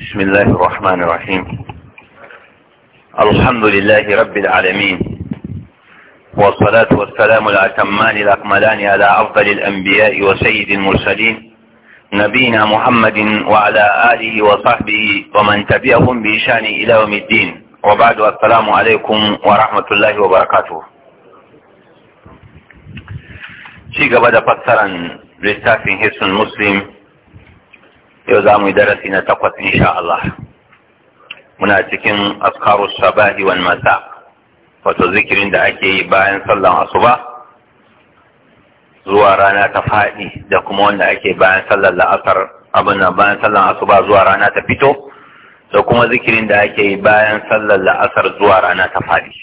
بسم الله الرحمن الرحيم الحمد لله رب العالمين والصلاة والسلام الأتمان الأكملان على أفضل الأنبياء وسيد المرسلين نبينا محمد وعلى آله وصحبه ومن تبعهم بإشان إلى يوم الدين وبعد السلام عليكم ورحمة الله وبركاته شيء قبل فترة لستافين هيسون مسلم yau za mu yi darasi na takwas insha Allah muna cikin askaru sabahi wal masa wato zikirin da ake yi bayan sallan asuba zuwa rana ta faɗi da kuma wanda ake bayan sallan la'asar abin nan bayan sallan asuba zuwa rana ta fito da kuma zikirin da ake yi bayan sallan la'asar zuwa rana ta faɗi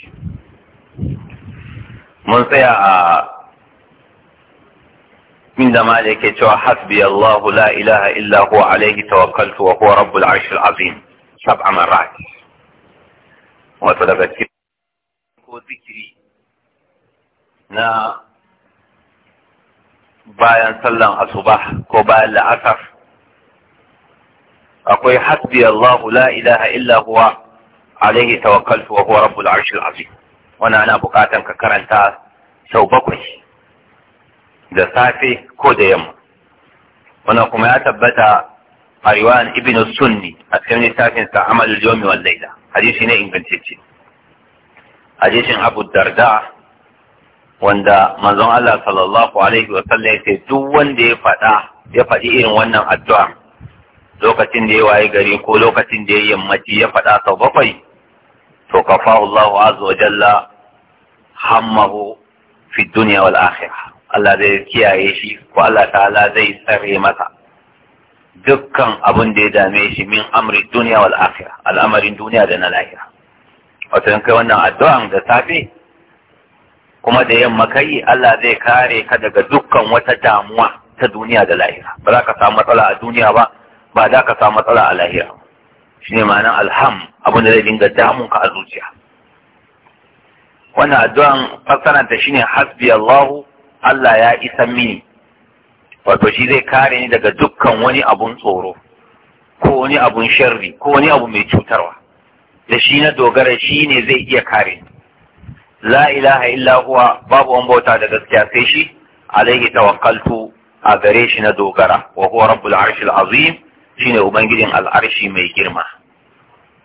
mun tsaya a inda ma da yake cewa hasbi Allah la ilaha illa huwa alaihi tawakkaltu wa huwa rabbul arshil azim sab'a marrat wato daga cikin ko zikiri na bayan sallan asuba ko bayan la'asar akwai hasbi Allah la ilaha illa huwa alaihi tawakkaltu wa huwa rabbul arshil azim wannan ana bukatan ka karanta sau bakwai da safe ko da yamma wannan kuma ya tabbata a riwayan ibn sunni a cikin littafin sa amal yawmi wal layla hadisi ne ingantacce hadisin abu darda wanda manzon Allah sallallahu alaihi wa sallam yace duk wanda ya faɗa ya faɗi irin wannan addu'a lokacin da ya waye gari ko lokacin da ya yammaci ya faɗa sau bakwai to kafahu Allahu azza wa jalla hammahu fi dunya wal akhirah Allah zai kiyaye shi ko Allah ta'ala zai tsare masa dukkan abin da ya dame shi min amri duniya wal akhirah al'amarin duniya da na lahira wato kai wannan addu'an da safe kuma da yamma kai Allah zai kare ka daga dukkan wata damuwa ta duniya da lahira ba za ka samu matsala a duniya ba ba za ka samu matsala a lahira ne ma'anar alham abin da zai dinga damun ka a zuciya wannan addu'an fassaranta shine hasbi Allahu Allah ya isan mini wato shi zai kare ni daga dukkan wani abun tsoro ko wani abun sharri ko wani abu mai cutarwa da shi na dogara shi ne zai iya kare ni la ilaha illa huwa babu wani bauta da gaskiya sai shi alaihi tawakkaltu a gare shi na dogara wa huwa rabbul arshil azim shine ubangijin al'arshi mai girma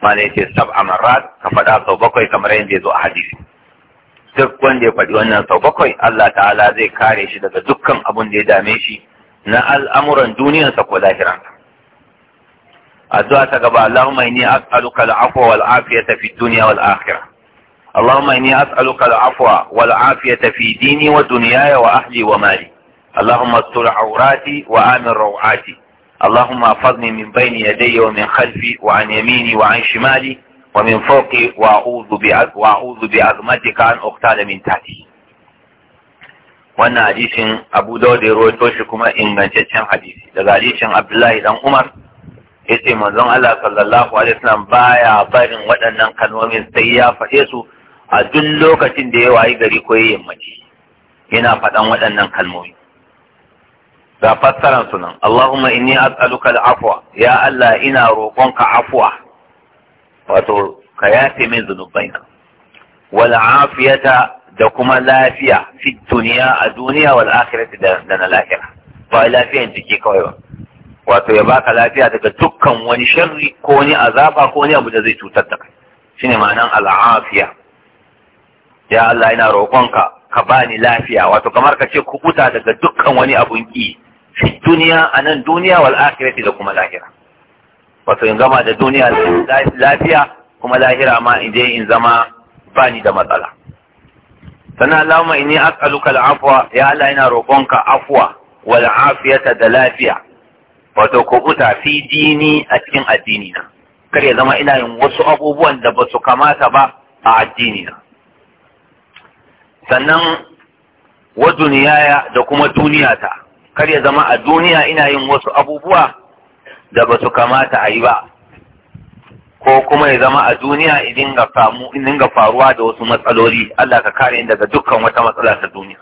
malai ce sab'a marat ka faɗa sau bakwai kamar yadda ya zo a hadisi duk wanda ya faɗi wannan sau bakwai Allah ta'ala zai kare shi daga dukkan abun da ya dame shi na al'amuran duniyarsa ko lahiransa addu'a ta gaba Allahumma inni as'aluka al-afwa wal afiyata fi duniya, wal akhirah Allahumma inni as'aluka al-afwa wal afiyata fi dini wa dunyaya wa ahli wa mali Allahumma wa اللهم استر عوراتي وآمن روعاتي اللهم احفظني من min khalfi, wa an وعن wa an شمالي ومن فوقي وأعوذ وأعوذ بعظمتك أن أغتال من تحتي wannan hadisin Abu Dawud ya rawaito shi kuma ingantaccen hadisi daga hadisin Abdullahi dan Umar yace manzon Allah sallallahu alaihi wasallam baya barin waɗannan kalmomin sai ya faɗe su a duk lokacin da ya wayi gari ko ya yammaci yana faɗan waɗannan kalmomi ga fassaran sunan Allahumma inni as'aluka al-afwa ya Allah ina roƙonka afwa wato ka yafe min zunubbaina. wal afiyata da kuma lafiya fi duniya a duniya wal akhirati da na lahira ba in jiki kawai ba wato ya baka lafiya daga dukkan wani sharri ko wani azaba ko wani abu da zai cutar da kai shine ma'anan afiya ya Allah ina roƙonka ka bani lafiya wato kamar ka ce kubuta daga dukkan wani abun ki fi duniya a nan duniya wal akhirati da kuma lahira wato in gama da duniya lafiya kuma lahira ma in je in zama bani da matsala sannan Allahumma inni as'aluka al-afwa ya Allah ina roƙonka afwa wa afiyata da lafiya wato kubuta fi dini a cikin addini na kar ya zama ina yin wasu abubuwan da ba su kamata ba a addini na sannan wa duniyaya da kuma duniyata kar ya zama a duniya ina yin wasu abubuwa da ba su kamata a yi ba ko kuma ya zama a duniya idin ga faruwa da wasu matsaloli Allah ka kare ni daga dukkan wata matsala ta duniya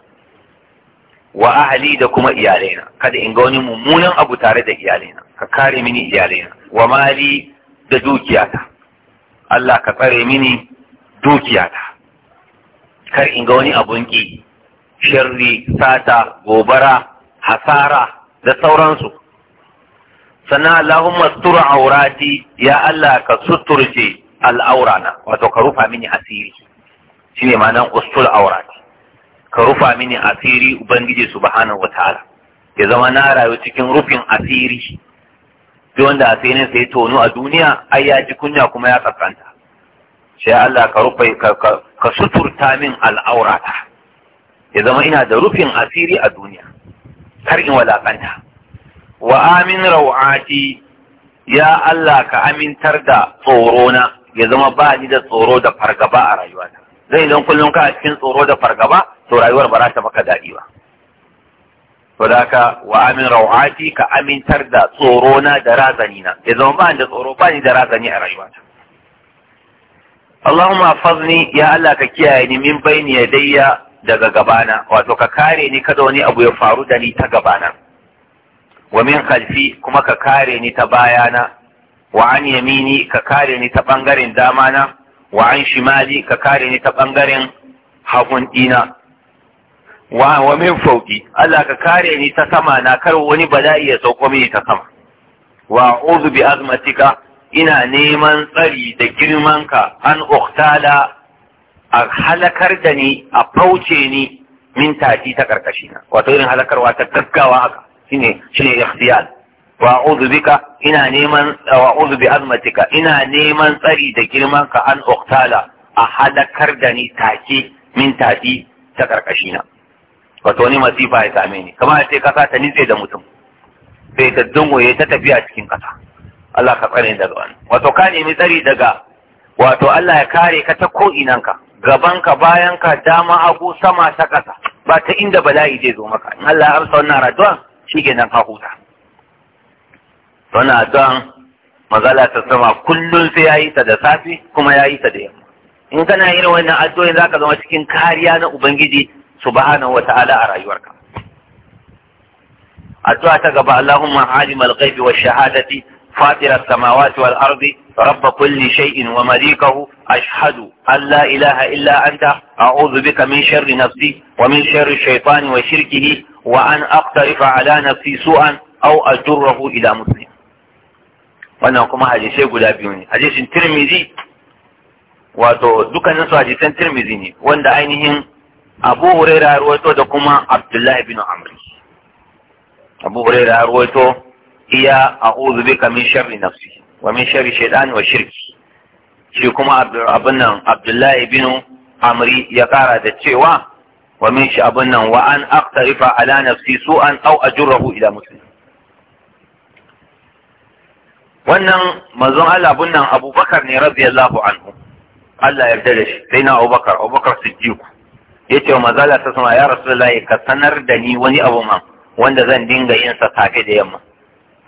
wa ahali da kuma iyalaina kada in ga wani mummunan abu tare da iyalaina ka kare mini iyalaina wa mali da dukiyata Allah ka tsare mini dukiyata kar in ga wani abun ki shirri sata gobara hasara da sauransu sannan Allahun sutura aurati ya Allah ka suturce al'aurana wato ka rufa mini asiri shine manan ustul aurati ka rufa mini asiri ubangiji subhanahu wataala ya zama na rayu cikin rufin asiri duk wanda asirin sai tono a duniya ai ya ji kunya kuma ya tsakanta sai Allah ka rufe ka suturta min al'aurata ya zama ina da rufin asiri a duniya kar in walakanta wa amin rawati ya Allah ka amintar da tsorona ya zama ba ni da tsoro da fargaba a rayuwata zai don kullum ka cikin tsoro da fargaba to rayuwar ba za ta maka daɗi ba to da ka wa amin rawati ka amintar da tsorona da razani na ya zama ba ni da tsoro ba ni da razani a rayuwata Allahumma fazni ya Allah ka kiyaye ni min bayni yadayya daga gabana wato ka kare ni kada wani abu ya faru da ni ta gabana wa min khalfi kuma ka kare ni ta bayana wa an yamini ka kare ni ta bangaren na, wa an shimali ka kare ni ta bangaren hagun dina wa wa min fauki Allah ka kare ni ta sama na kar wani bala'i ya sauko mini ta sama wa a'udhu bi azmatika ina neman tsari da girmanka an uktala a halakar da ni a fauce ni min tafi ta karkashi na wato irin halakarwa ta gaggawa haka shine shine ikhtiyar wa a'udhu bika ina neman wa a'udhu bi azmatika ina neman tsari da girman ka an uqtala a halakar da ni take min tafi ta karkashina wato ni masifa ya same ni kamar ce kasa ta nitse da mutum sai ta dungoye ta tafiya cikin kasa Allah ka tsare daga wani wato ka nemi tsari daga wato Allah ya kare ka ta ko ka bayan ka dama hagu sama ta kasa ba ta inda bala'i zai zo maka in Allah ya amsa wannan raduwan shikenan ka huta wannan addu'an mazala ta sama kullum sai ya yi ta da safe kuma ya yi ta da yamma in kana irin wannan addu'o'in zaka zama cikin kariya na ubangiji subhanahu wata'ala a rayuwarka addu'a ta gaba Allahumma alimal ghaibi wash shahadati فاطر السماوات والأرض رب كل شيء ومليكه أشهد أن لا إله إلا أنت أعوذ بك من شر نفسي ومن شر الشيطان وشركه وأن أقترف على نفسي سوءا أو أجره إلى مسلم wannan kuma hadisai guda biyu ne hadisin tirmizi wato dukkanin su hadisan tirmizi ne wanda ainihin abu huraira ruwaito da kuma abdullahi bin amri abu huraira ruwaito iya a'udhu bika min sharri nafsi wa min sharri shaytan wa shirki shi kuma abin nan Abdullahi bin Amri ya kara da cewa wa min shi abin nan wa an aqtarifa ala nafsi su su'an aw ajrahu ila muslim wannan manzon Allah bin nan Abubakar ne rabbi radiyallahu anhu Allah yarda da shi sai na Abubakar Abubakar Siddiq yace wa manzala ta sama ya Rasulullahi ka sanar da ni wani abu ma wanda zan dinga yin sa safe da yamma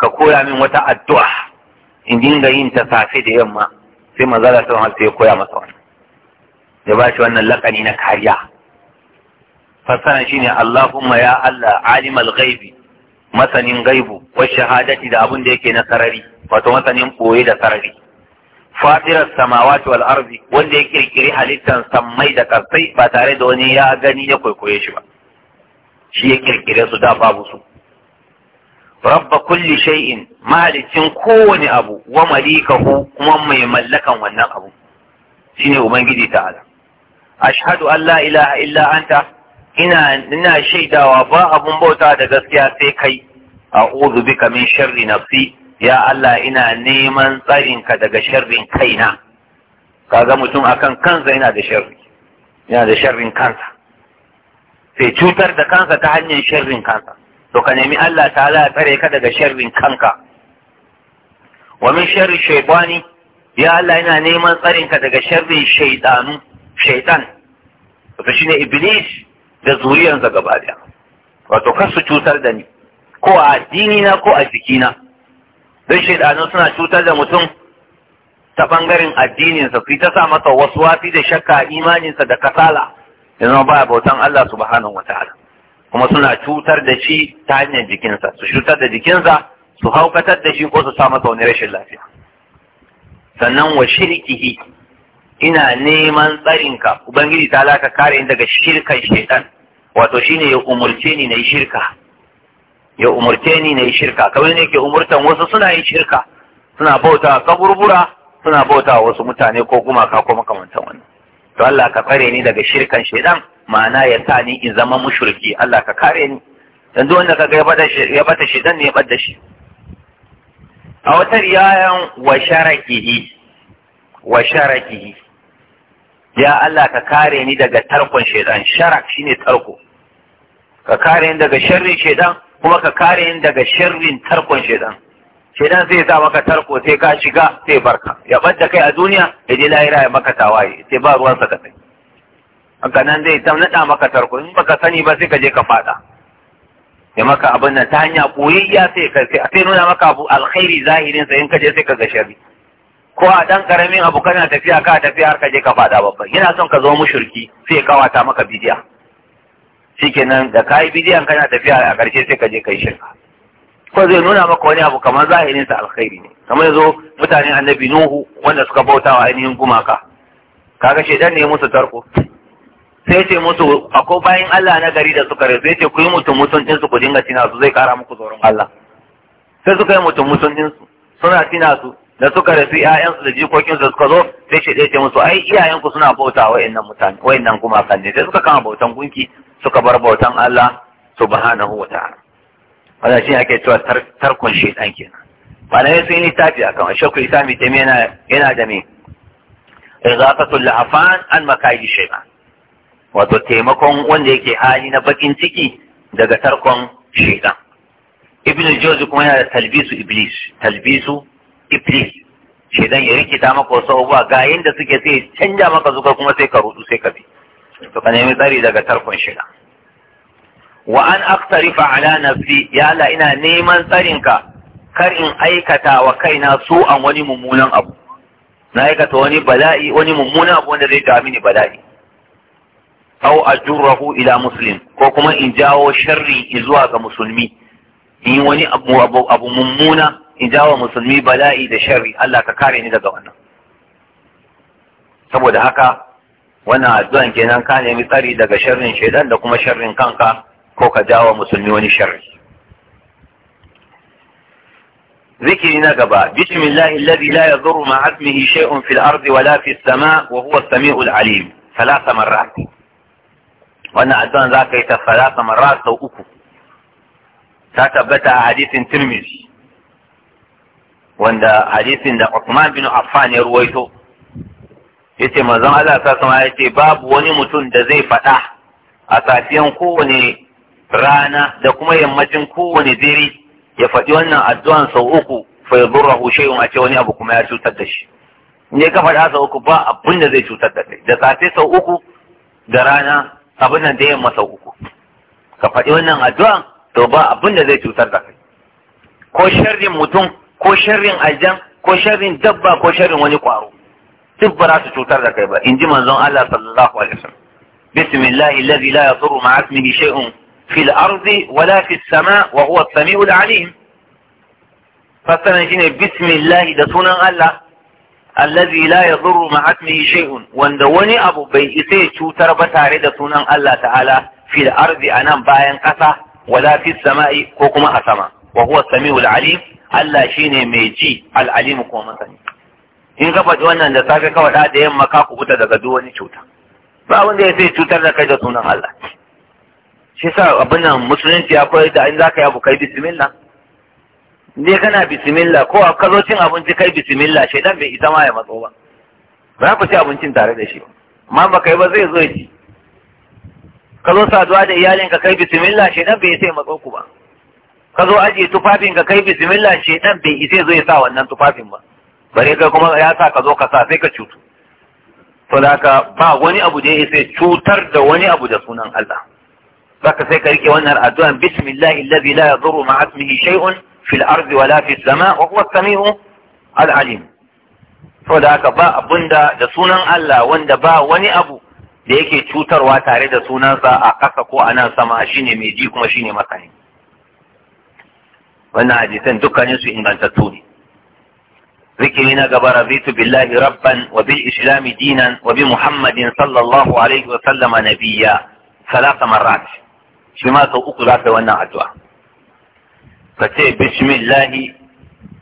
ka koya min wata addu'a in dinga yin ta safe da yamma sai manzala sun sai ya koya masa wannan ya bashi wannan lakani na kariya Fasana shine Allahumma ya Allah alimal ghaibi masanin gaibu wa shahadati da abin da yake na sarari wato masanin boye da sarari fatirar samawati wal arzi wanda ya kirkiri halittar sammai da karsai ba tare da wani ya gani ya kwaikwaye shi ba shi ya kirkire su da babu su rabba kulli shay'in ma'alikin kowane abu wa malikahu kuma mai mallakan wannan abu shine ubangiji ta'ala ashhadu an la ilaha illa anta ina ina shaidawa ba abun bauta da gaskiya sai kai a'udhu bika min sharri nafsi ya Allah ina neman tsarinka daga sharrin kaina kaga mutum akan kansa ina da sharri ina da sharrin kansa sai cutar da kansa ta hanyar sharrin kansa to ka nemi Allah ta ya tsare ka daga sharrin kanka wa min sharri shaytani ya Allah yana neman tsarin ka daga sharrin shaytanu shaytan to shine iblis da zuriyansa gaba daya wato kar su cutar da ni ko a addini na ko a jikina don shaidanu suna cutar da mutum ta bangaren addininsa su ta sa masa wasu wafi da shakka imaninsa da kasala ya zama ba bautan Allah subhanahu wataala kuma suna cutar da shi ta hanyar jikinsa su cutar da jikinsa su haukatar da shi ko su sa masa wani rashin lafiya sannan wa shirkihi ina neman tsarinka ubangiji ta laka kare ni daga shirkan shaitan wato shine ya umurce ni na yi shirka ya umurce ni na yi shirka kamar ne ke umurtan wasu suna yin shirka suna bauta kaburbura suna bauta wasu mutane ko gumaka ko makamantan wannan to Allah ka tsare ni daga shirkan shaidan ma'ana ya sa ni in zama mushriki Allah ka kare ni yanzu wanda kaga ya bata shaidan ne ya bada shi a wata riyayan wa sharakihi wa sharakihi ya Allah ka kare ni daga tarkon shaidan sharak shine tarko ka kare ni daga sharrin shaidan kuma ka kare ni daga sharrin tarkon shaidan shedan sai sa maka tarko sai ka shiga sai barka ya bada kai a duniya ya je lahira ya maka tawaye sai ba ruwan sa kai haka nan zai ta nada maka tarko in baka sani ba sai ka je ka fada ya maka abin nan ta hanya koyayya sai ka sai sai nuna maka abu alkhairi zahirin sai in ka je sai ka ga sharri ko a dan karamin abu kana tafiya ka tafiya har ka je ka fada babba. yana son ka zo mushriki sai kawata maka bidiya shikenan da kai bidiyan kana tafiya a karshe sai ka je kai shirka ko zai nuna maka wani abu kamar zahirin sa alkhairi ne kamar yanzu mutane annabi nuhu wanda suka bauta wa ainihin gumaka kaga shedan ne musu tarko sai ce musu akwai bayan Allah na gari da suka rai sai ce ku yi mutum mutuncin su ku dinga tina su zai kara muku tsoron Allah sai suka yi mutum mutuncin su suna tina su da suka rasu ƴaƴansu da jikokin su suka zo sai shi ce musu ai iyayenku suna bauta wa wayannan mutane wayannan gumakan ne sai suka kama bautan gunki suka bar bautan Allah subhanahu wa ta'ala wannan shi ake cewa tarkon shaidan nan. malamai sun yi littafi a kan shakku isami taimi yana da me a fan an shi shaidan wato taimakon wanda yake hali na bakin ciki daga tarkon shaidan ibn jozi kuma yana da talbisu iblis talbisu iblis shaidan ya rikita maka wasu abubuwa ga yadda suke sai canja maka zuka kuma sai ka rudu sai ka bi to ka nemi tsari daga tarkon shaidan wa an aktarifa ala nafsi ya Allah ina neman tsarinka kar in aikata wa kaina su an wani mummunan abu na aikata wani bala'i wani mummunan abu wanda zai ta mini bala'i aw ajurahu ila muslim ko kuma in jawo sharri zuwa ga musulmi in wani abu abu, abu mummuna in jawo musulmi bala'i da sharri Allah ka kare ni daga wannan saboda haka wannan addu'an kenan ka nemi tsari daga sharrin shaidan da kuma sharrin kanka ko ka jawo musulmi wani sharri ذكر نقبة بسم الله الذي لا يضر مع اسمه شيء في الأرض ولا في السماء وهو السميع العليم ثلاث مرات وانا أدوان ذاك ثلاث مرات أو أكو تثبت حديث ترمذي وانا حديث دا عثمان بن عفان يرويته yace manzon Allah ta sama yace babu wani mutum da zai fada a safiyan kowane rana da kuma yammacin kowane dare ya faɗi wannan addu'an sau uku fa yadurruhu shay'un a ce wani abu kuma ya cutar da shi ne ka faɗa sau uku ba abin da zai cutar da kai da safe sau uku da rana abin nan da yamma sau uku ka faɗi wannan addu'an to ba abin da zai cutar da kai ko sharrin mutum ko sharrin aljan ko sharrin dabba ko sharrin wani kwaro duk ba za su cutar da kai ba in ji manzon Allah sallallahu alaihi wasallam bismillahi alladhi la yadurru ma'a ismihi shay'un في الأرض ولا في السماء وهو السميع العليم فسنا شيني da sunan Allah allazi la yadurru ma wanda wani abu bai isa cutar ba tare da sunan Allah ta'ala fil a nan bayan ƙasa wala fi sama'i ko kuma a sama wa huwa samiul Allah shine mai ji al alim masani in ka faɗi wannan da safe kawai da yamma ka kubuta daga duwani cuta ba wanda ya sai cutar da kai da sunan Allah shi sa abin nan musulunci ya koyar da in za ka yi abu kai bisimilla? ne kana bisimilla ko a kazo cin abinci kai bisimilla shaidan bai isa ma ya matso ba ba ku ci abincin tare da shi amma ba kai ba zai zo ci ka zo saduwa da iyalinka kai bisimilla shaidan bai sai matso ku ba ka zo ajiye tufafin ka kai bisimilla shaidan bai isa zo ya sa wannan tufafin ba bare ka kuma ya sa ka zo ka sa sai ka cutu to da ka ba wani abu da ya isa cutar da wani abu da sunan Allah zaka sai ka rike wannan addu'an bismillahi allazi la yadurru ma'a ismihi shay'un fil ardi wala fis sama wa huwa as-sami'u al-alim saboda haka ba abunda da sunan Allah wanda ba wani abu da yake cutarwa tare da sunansa a ƙasa ko a nan sama shine mai ji kuma shine masani wannan hadisan dukkanin su ingantattu ne ذكر نقب رضيت بالله ربا وبالإسلام دينا وبمحمد صلى الله عليه وسلم نبيا ثلاث مرات shi ma sau uku za ka yi wannan addu'a ka ce bismillahi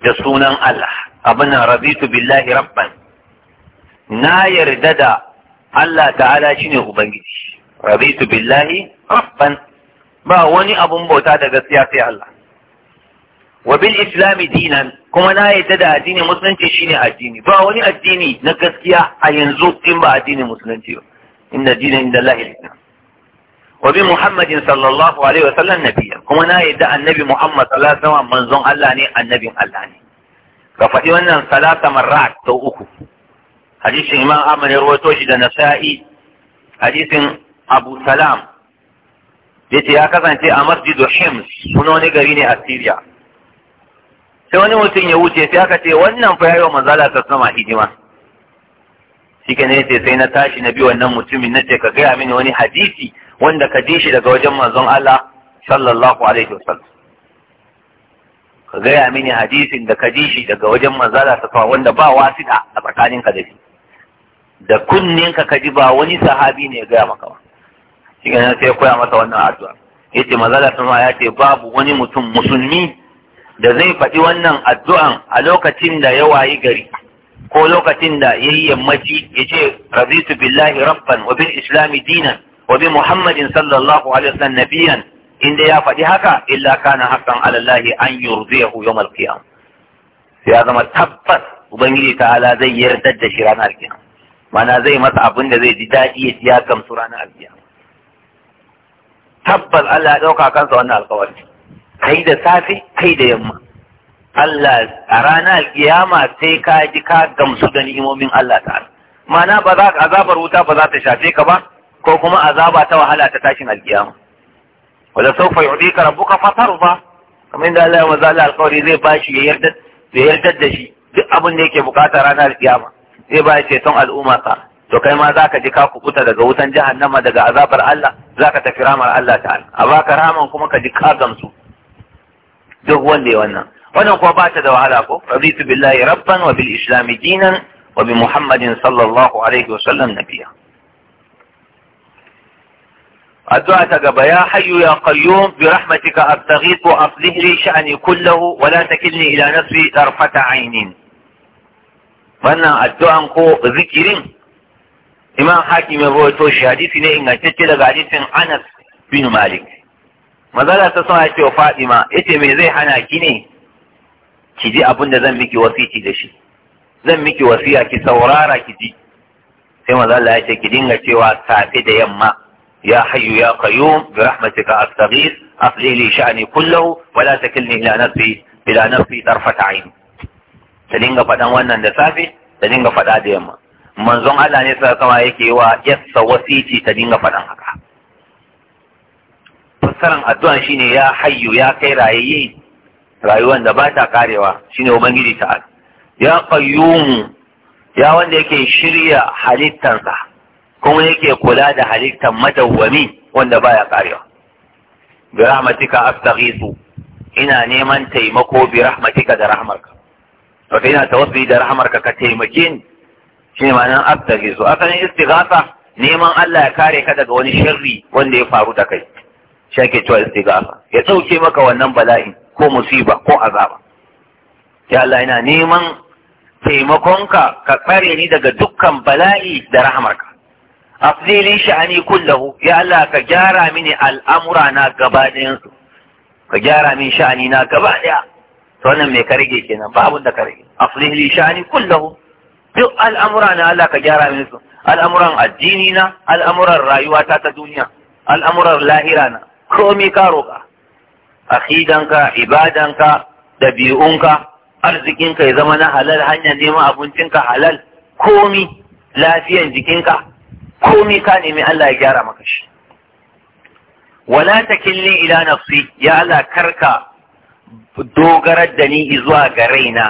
da sunan Allah abin rabitu billahi rabban na yarda da Allah ta'ala shine ubangiji rabitu billahi rabban ba wani abun bauta da gaskiya sai Allah wa bil islami dinan kuma na yarda da addinin musulunci shine addini ba wani addini na gaskiya a yanzu in ba addinin musulunci ba inna dinan inda Allah islam wa bi Muhammadin sallallahu alaihi wasallam nabiyya kuma na yadda annabi Muhammad sallallahu alaihi wasallam manzon Allah ne annabin Allah ne ka faɗi wannan salata marrat sau uku hadisin Imam Ahmad ya rawaito shi da hadisin Abu Salam ya kasance a Masjid Hims kuna wani gari ne a Syria sai wani mutum ya wuce sai aka ce wannan fa yayi wa manzala ta sama hidima shi ne sai na tashi na bi wannan mutumin na ce ka gaya mini wani hadisi wanda ka ji shi daga wajen manzon Allah sallallahu alaihi wasallam ka gaya mini hadisin da ka ji shi daga wajen manzala ta kawo wanda ba wasita a ka da shi da kunnin ka ji ba wani sahabi ne ya gaya maka ba shi ne sai ya koya masa wannan addu'a yace manzala ta ma ya ce babu wani mutum musulmi da zai faɗi wannan addu'an a lokacin da ya wayi gari ko lokacin da ya yi yammaci ya ce 'Razisu billahi rabban wa bil islami dinan wa muhammadin sallallahu alaihi wasallam nabiyan inda ya faɗi haka illa kana haqqan ala allahi an yurdiyahu yawm al ya zama tabbas ubangiji ta'ala zai yarda da shi ranar al mana zai masa abin da zai ji daɗi ya gamsu ranar al tabbas Allah ya ɗauka kansa wannan alƙawari da safe kai da yamma a ranar kiyama sai ka ji ka gamsu da ni'imomin Allah ta'ala mana ba za azabar wuta ba za ta shafe ka ba ko kuma azaba ta wahala ta tashin alkiyama wala sawfa yu'tika rabbuka fatarda kamar inda Allah ya maza Allah alƙawari zai bashi ya yarda ya yarda da shi duk abin da yake bukata ranar alkiyama zai ba ceton al'umma ka to kai ma zaka ji ka kukuta daga wutan jahannama daga azabar Allah zaka tafi ramar Allah ta'ala a baka raman kuma ka ji ka gamsu duk wanda ya wannan wannan kuwa ba ta da wahala ko raditu billahi rabban wa bil islami dinan wa bi muhammadin sallallahu alaihi wa sallam nabiya addu'a ta gaba ya hayyu ya qayyum bi rahmatika astaghiithu aslih li sha'ni kullahu wa la takilni ila nafsi tarfata aynin wannan addu'an ko zikirin imam hakim ya rawaito shi hadisi ne ingantacce daga hadisin Anas bin Malik mazala ta sama ce wa Fatima yace me zai hana ki ne ki ji zan miki wasiki da shi zan miki wasiya ki saurara ki ji sai mazala ya ce ki dinga cewa safe da yamma يا حي يا قيوم برحمتك أستغيث أصلح لي شأني كله ولا تكلني إلى نفسي إلى نفسي طرفة عين فدان wannan da safe ta dinga fada da yamma manzon Allah ne sai kama yake wa yassa wasiti ta dinga fadan haka fassaran addu'a shine ya hayyu ya kai rayuwan da bata karewa shine ubangiji ta'ala ya qayyum ya wanda yake shirya halittarsa. kuma yake kula da halittar madawwami wanda baya karewa bi rahmatika astaghisu ina neman taimako bi rahmatika da rahmarka Wata ina tawassuli da rahmarka ka taimake ni ne ma'anar astaghisu asalin istighatha neman Allah ya kare ka daga wani sharri wanda ya faru da kai shi ake cewa istighatha ya dauke maka wannan bala'i ko musiba ko azaba ya Allah ina neman taimakonka ka kare ni daga dukkan bala'i da rahmarka afli li sha'ani kullahu ya Allah ka gyara mini al'amura na gaba su ka gyara min sha'ani na gaba ɗaya to wannan me karge kenan babu da karge. rage afli li sha'ani kullahu duk al'amura na Allah ka gyara min su al'amuran addini na al'amuran rayuwata ta duniya al'amuran lahira na komai ka roƙa akidanka ibadanka ɗabi'unka arzikinka ya zama na halal hanyar neman abincinka halal komi lafiyan jikinka komi ka nemi Allah ya gyara maka shi wala ta takilni ila nafsi ya Allah karka dogara da ni zuwa ga raina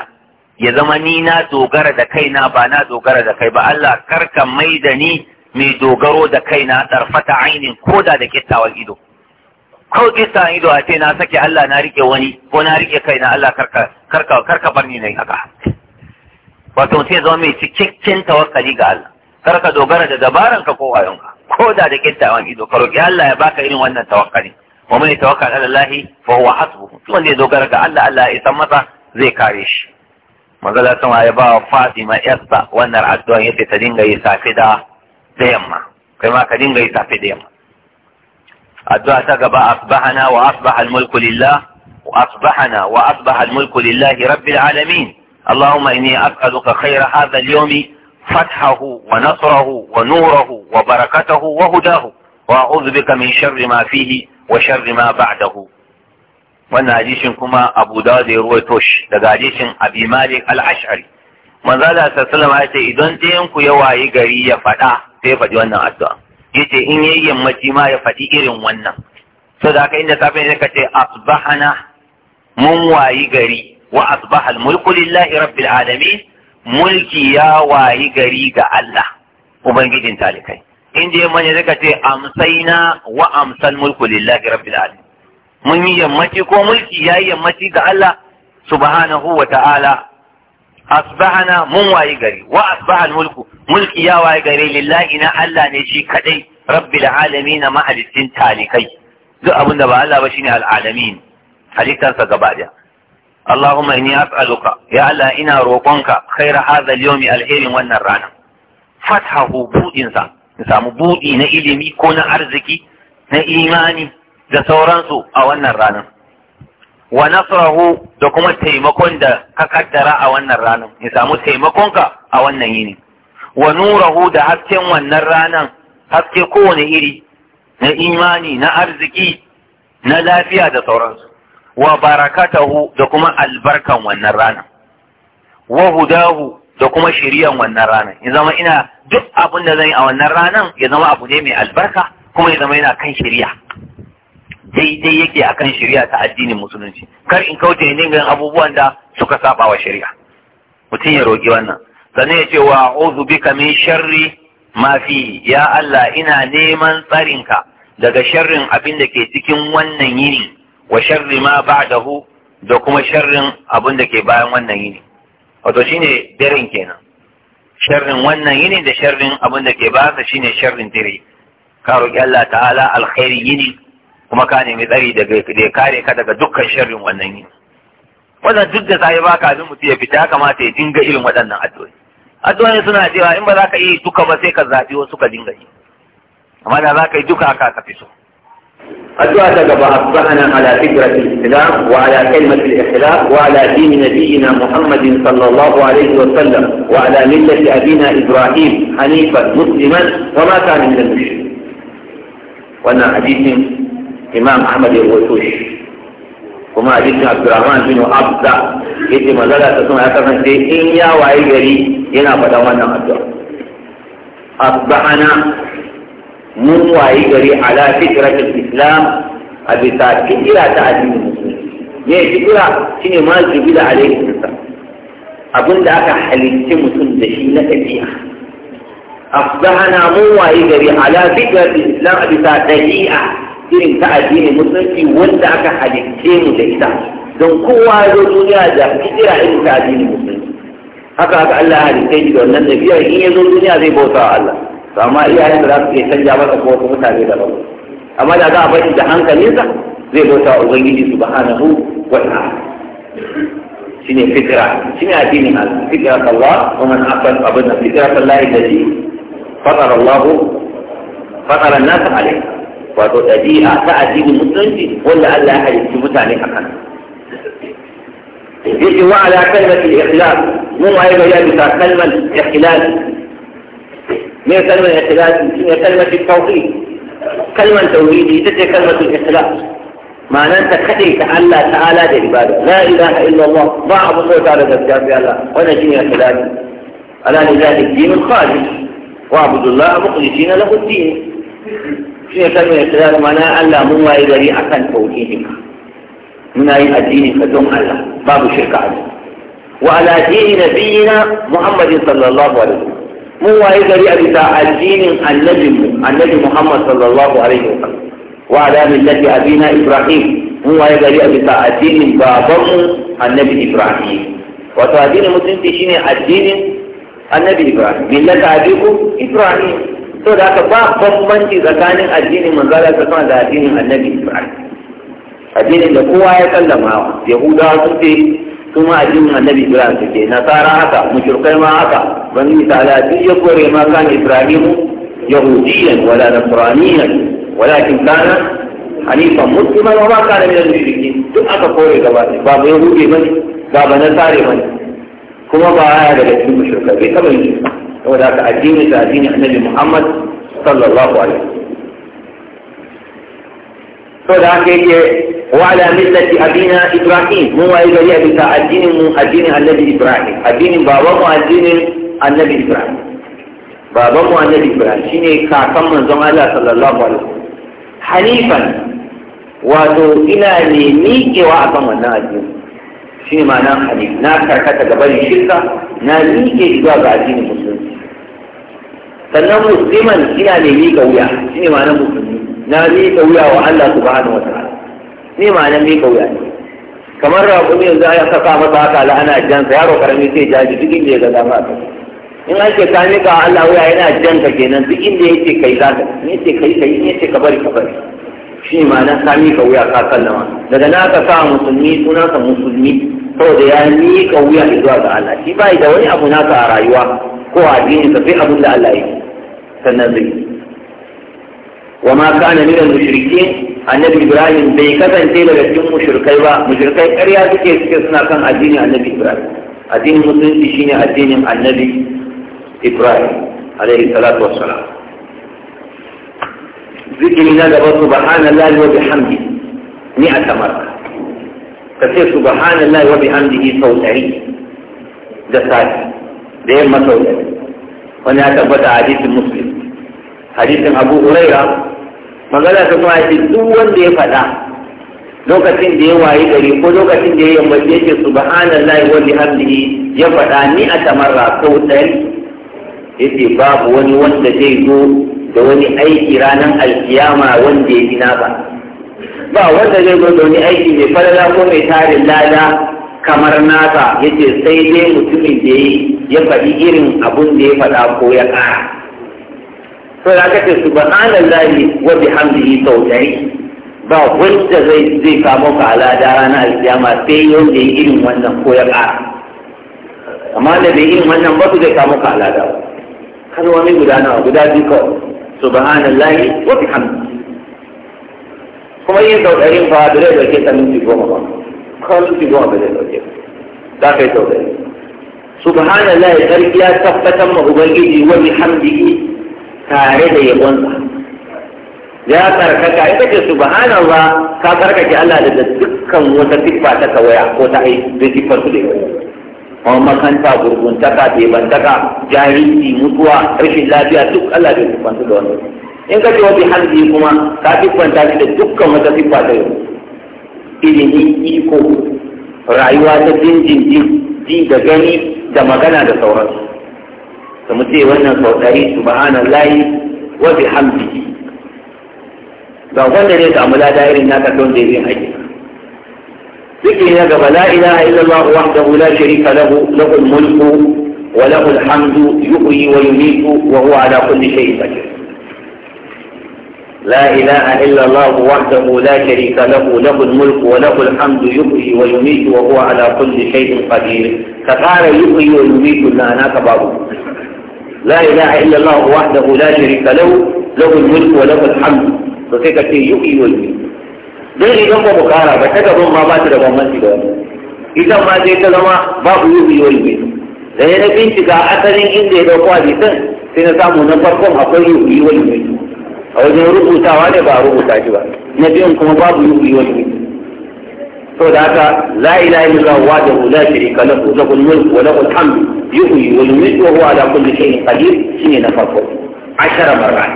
ya zama ni na dogara da kaina ba na dogara da kai ba Allah karka mai da ni mai dogaro da kaina tarfata ainin koda da kittawar ido ko kittawar ido a ce na sake Allah na rike wani ko na rike kaina Allah karka karka bar ni nayi haka wato sai zama mai cikakken tawakkali ga Allah kar ka dogara da dabaran ka ko wayonka ko da da kittawan ido ka roki Allah ya baka irin wannan tawakkali wa man yatawakkal ala Allah fa huwa hasbuhu wanda ya dogara ga Allah Allah ya san masa zai kare shi manzala sama ya ba Fatima yarsa wannan addu'a yace ta dinga yi safi da da yamma kai ma ka dinga yi safi da yamma addu'a ta gaba asbahana wa asbaha al lillah wa asbahana wa asbaha al-mulku lillahi rabbil alamin اللهم إني أسألك خير هذا اليوم fathahu wa nasrahu wa nurahu wa barakatahu wa hudahu wa a'udhu bika min sharri wa sharri ma ba'dahu wannan hadisin kuma Abu Dawud ya ruwaito daga hadisin Abi al-Ash'ari manzo Allah sallallahu alaihi wasallam idan ɗayan ku ya wayi gari ya fada sai faɗi wannan addu'a yace in yayi yammaci ma ya faɗi irin wannan saboda haka safe ne kace asbahana mun wayi gari wa asbaha mulku lillahi rabbil mulki ya wayi gari ga Allah ubangijin talikai in je manya zaka ce amsaina wa amsal mulku lillahi rabbil alamin mun yi yammaci ko mulki ya yi yammaci ga Allah subhanahu wa ta'ala asbahana mun wayi gari wa asbaha mulku mulki ya wayi gari lillahi na Allah ne shi kadai rabbil alamin mahalicin talikai duk abin da ba Allah ba shine al alamin halittarsa gaba daya Allahumma inni as'aluka ya Allah ina roƙonka khaira hadha al-yawmi alherin wannan rana fathahu buɗinsa, sa in samu budi na ilimi ko na arziki na imani da sauransu a wannan ranar wa nasrahu da kuma taimakon da ka kaddara a wannan ranar in samu taimakonka a wannan yini wa nurahu da hasken wannan ranar haske kowane iri na imani na arziki na lafiya da sauransu wa barakatahu da kuma albarkan wannan rana wa hudahu da kuma shiriyan wannan rana, ya zama ina duk abin da zan yi a wannan ranan ya zama abu ne mai albarka kuma ya zama yana kan shiriya daidai yake a kan shiriya ta addinin musulunci kar in kauce ne ga abubuwan da suka saba wa shiriya mutum ya roki wannan sannan ya ce wa a'udhu bika min sharri ma fi ya Allah ina neman tsarinka daga sharrin abin da ke cikin wannan yini wa sharri ma ba'dahu da kuma sharrin abin da ke bayan wannan yini wato shine daren kenan sharrin wannan yini da sharrin abin da ke bayan sa shine sharrin dare ka roƙi Allah ta'ala alkhairi yini kuma ka nemi tsari daga da kare ka daga dukkan sharrin wannan yini wannan duk da sai baka abin mutum ya fita kamata ya dinga irin waɗannan addu'o'i addu'o'i suna cewa in ba za ka yi duka ba sai ka zaɓi wasu ka dinga yi amma da za ka yi duka ka fi so قد تقبل أصبحنا على فكرة الإسلام وعلى كلمة الإخلاق وعلى دين نبينا محمد صلى الله عليه وسلم وعلى ملة أبينا إبراهيم حنيفا مسلما وما كان من المشركين وانا حديث إمام أحمد الوسوش وما حديث عبد الرحمن بن عبد يجي مزالة تسمع يتفن إن يا وعي ينا فدوانا الدعاء أصبحنا mun wayi gari ala fitratul islam a bisa fikira ta addinin musulmi me fikira shine ma zubila alaihi salam abinda aka halitta mutum da shi na ɗabi'a asbahana mun wayi gari ala fitratul islam a bisa ɗabi'a irin ta addinin musulunci wanda aka halitta mu da ita don kowa ya zo duniya da fikira irin ta addinin musulunci haka haka Allah ya halitta shi da wannan ɗabi'ar in ya zo duniya zai bauta wa Allah to amma iyayen da za su iya canja masa ko wasu mutane daban amma da za a bashi da hankalinsa zai bauta wa ubangiji subhanahu wa ta'ala shine fikra shine addinin Allah fikra Allah wa man aqal abin da fikra Allah allati fatara Allah fatara an-nas alayhi wato dabi'a ta addinin musulunci wanda Allah ya halicci mutane a kan yake wa ala kalmati al-ikhlas mun ayi bayani ta kalmar ikhlas ما هي كلمة الاختلاف هي كلمة التوحيد كلمة توحيد هي كلمة الاختلاف ما كديك الله تعالى تعالى عبادة لا إله إلا الله ما عبد الله تعالى ده الله وانا جميع اختلاف ألا لله الدين الخالص واعبدوا الله مخلصين له الدين شنو كلمة الاختلاف معناه ألا مو إذا أكن توحيدك توحيد من addini الدين don Allah باب shirka عليه وعلى دين نبينا محمد صلى الله عليه وسلم mun waye gari a bisa addinin mu annabi muhammad sallallahu alaihi wa sallam wa ala millati abina ibrahim mun waye gari a bisa addinin mu annabi ibrahim wato addinin musulunci shine addinin annabi ibrahim millata abiku ibrahim to da haka ba bambanci tsakanin addinin manzala ta sama da addinin annabi ibrahim addinin da kowa ya sallama yahudawa sun ce كما جمع النبي إبراهيم سكي نصارى عطا مشرق ما عطا بني تعالى تيكور ما كان إبراهيم يهوديا ولا نصرانيا ولكن كان حنيفا مسلما وما كان من المشركين ثم أتى قوري باب يهودي من باب نصاري من كما باعا هذا يجب المشرق في كما يجب وذاك الدين تأتيني عن النبي محمد صلى الله عليه وسلم فذاك يجب وعلى ملة أبينا إبراهيم مو إبراهيم بك الدين الدين النبي إبراهيم الدين بابا الدين النبي إبراهيم بابا النبي إبراهيم شيني كاكم من زمان الله صلى الله عليه وسلم حنيفا وذو إلى نيميك وأكم من الدين شيني معنى حنيف ناكر كتا قبل الشركة نيميك إذا الدين المسلم سنة مسلما إلى نيميك وياه شيني معنى مسلم نيميك وياه وعلا سبحانه وتعالى ma nan miƙa wuya ne kamar raƙumi yanzu ya saka masa haka jan sa yaro karami sai jaji duk inda ya ga ma ka in an ce ka Allah wuya yana ka kenan duk inda ya ce kai za ka ne ce kai kai ne ce ka bari ka bari shi kani ka wuya ka sallama daga na ka sa musulmi ka musulmi saboda ya ka wuya zuwa ga Allah shi bai da wani abu nasa a rayuwa ko a addinin ka sai abin da Allah yake yi sannan zai wa ma kana minal mushrikin annabi ibrahim bai kasance daga cikin mushrikai ba mushrikai ƙarya suke suke suna kan addinin annabi ibrahim addinin musulunci shine addinin annabi ibrahim alaihi salatu wassalam zikiri na gaba subhanallahi wa bihamdi ni a tamar ka ce subhanallahi wa bihamdi sau ɗari da sati da yamma sau ɗari wani ya tabbata a hadisin muslim hadisin abu huraira magana ta kuma ce duk wanda ya faɗa lokacin da ya wayi gari ko lokacin da ya yammaci yake subhanallahi wa bihamdihi ya faɗa ni a tamarra ko ya ce babu wani wanda zai zo da wani aiki ranar alkiyama wanda ya gina ba ba wanda zai zo da wani aiki mai falala ko mai tarin lada kamar nasa yace sai dai mutumin da ya faɗi irin abun da ya faɗa ko ya ƙara sai da aka ce subhanallahi wa bihamdihi sau ɗari ba wanda zai zai kamo ka alada ranar alkiyama sai yau da irin wannan ko ya ƙara amma da bai irin wannan ba su zai kama ka alada ba kan wani guda nawa guda biyu kawai subhanallahi wa bihamdihi kuma yin sau fa da zai ɗauke ta ci goma ba kawai minti goma ba zai ɗauke za ka yi sau ɗari subhanallahi sarki ya tabbatar ma ubangiji wa bihamdihi tare da ya yabonsa ya tsarkaka ita ce subhanallah ka tsarkake Allah da dukkan wata siffa ta kawaya ko ta yi da siffar su da yawa amma makanta gurguntaka bebantaka jahilci mutuwa rashin lafiya duk Allah bai su da wani in ka ce wata hanzi kuma ka ta shi da dukkan wata siffa ta yawa ilimi iko rayuwa ta jinjin ji da gani da magana da sauransu da mu ce wannan sau ɗari layi wa hamdi ba wanda ne samu lada irin naka don da yin aiki ذكر لك فلا إله إلا الله وحده لا شريك له له الملك وله الحمد wa ويميت وهو على كل شيء قدير لا إله إلا الله وحده لا شريك له له الملك وله الحمد يحيي ويميت وهو على كل شيء قدير فقال يحيي ويميت لا أنا بابه لا إله إلا الله وحده لا شريك له له الملك وله الحمد فكيف تيجي والمي دين يوم بكارا بكتا بوم ما بات ربا ما إذا ما جيت لما باب يوبي والمي لأن بنت كا إن دي قادسا سنسامو نفركم أفر يوبي والمي أو جنرو بوتا بارو بوتا جوا كما باب يوبي والمي da haka la ilaha illallah wahdahu la sharika lahu lahul mulku wa lahul hamdu yuhyi wa yumiitu wa huwa ala kulli shay'in qadir shine na farko ashara marrat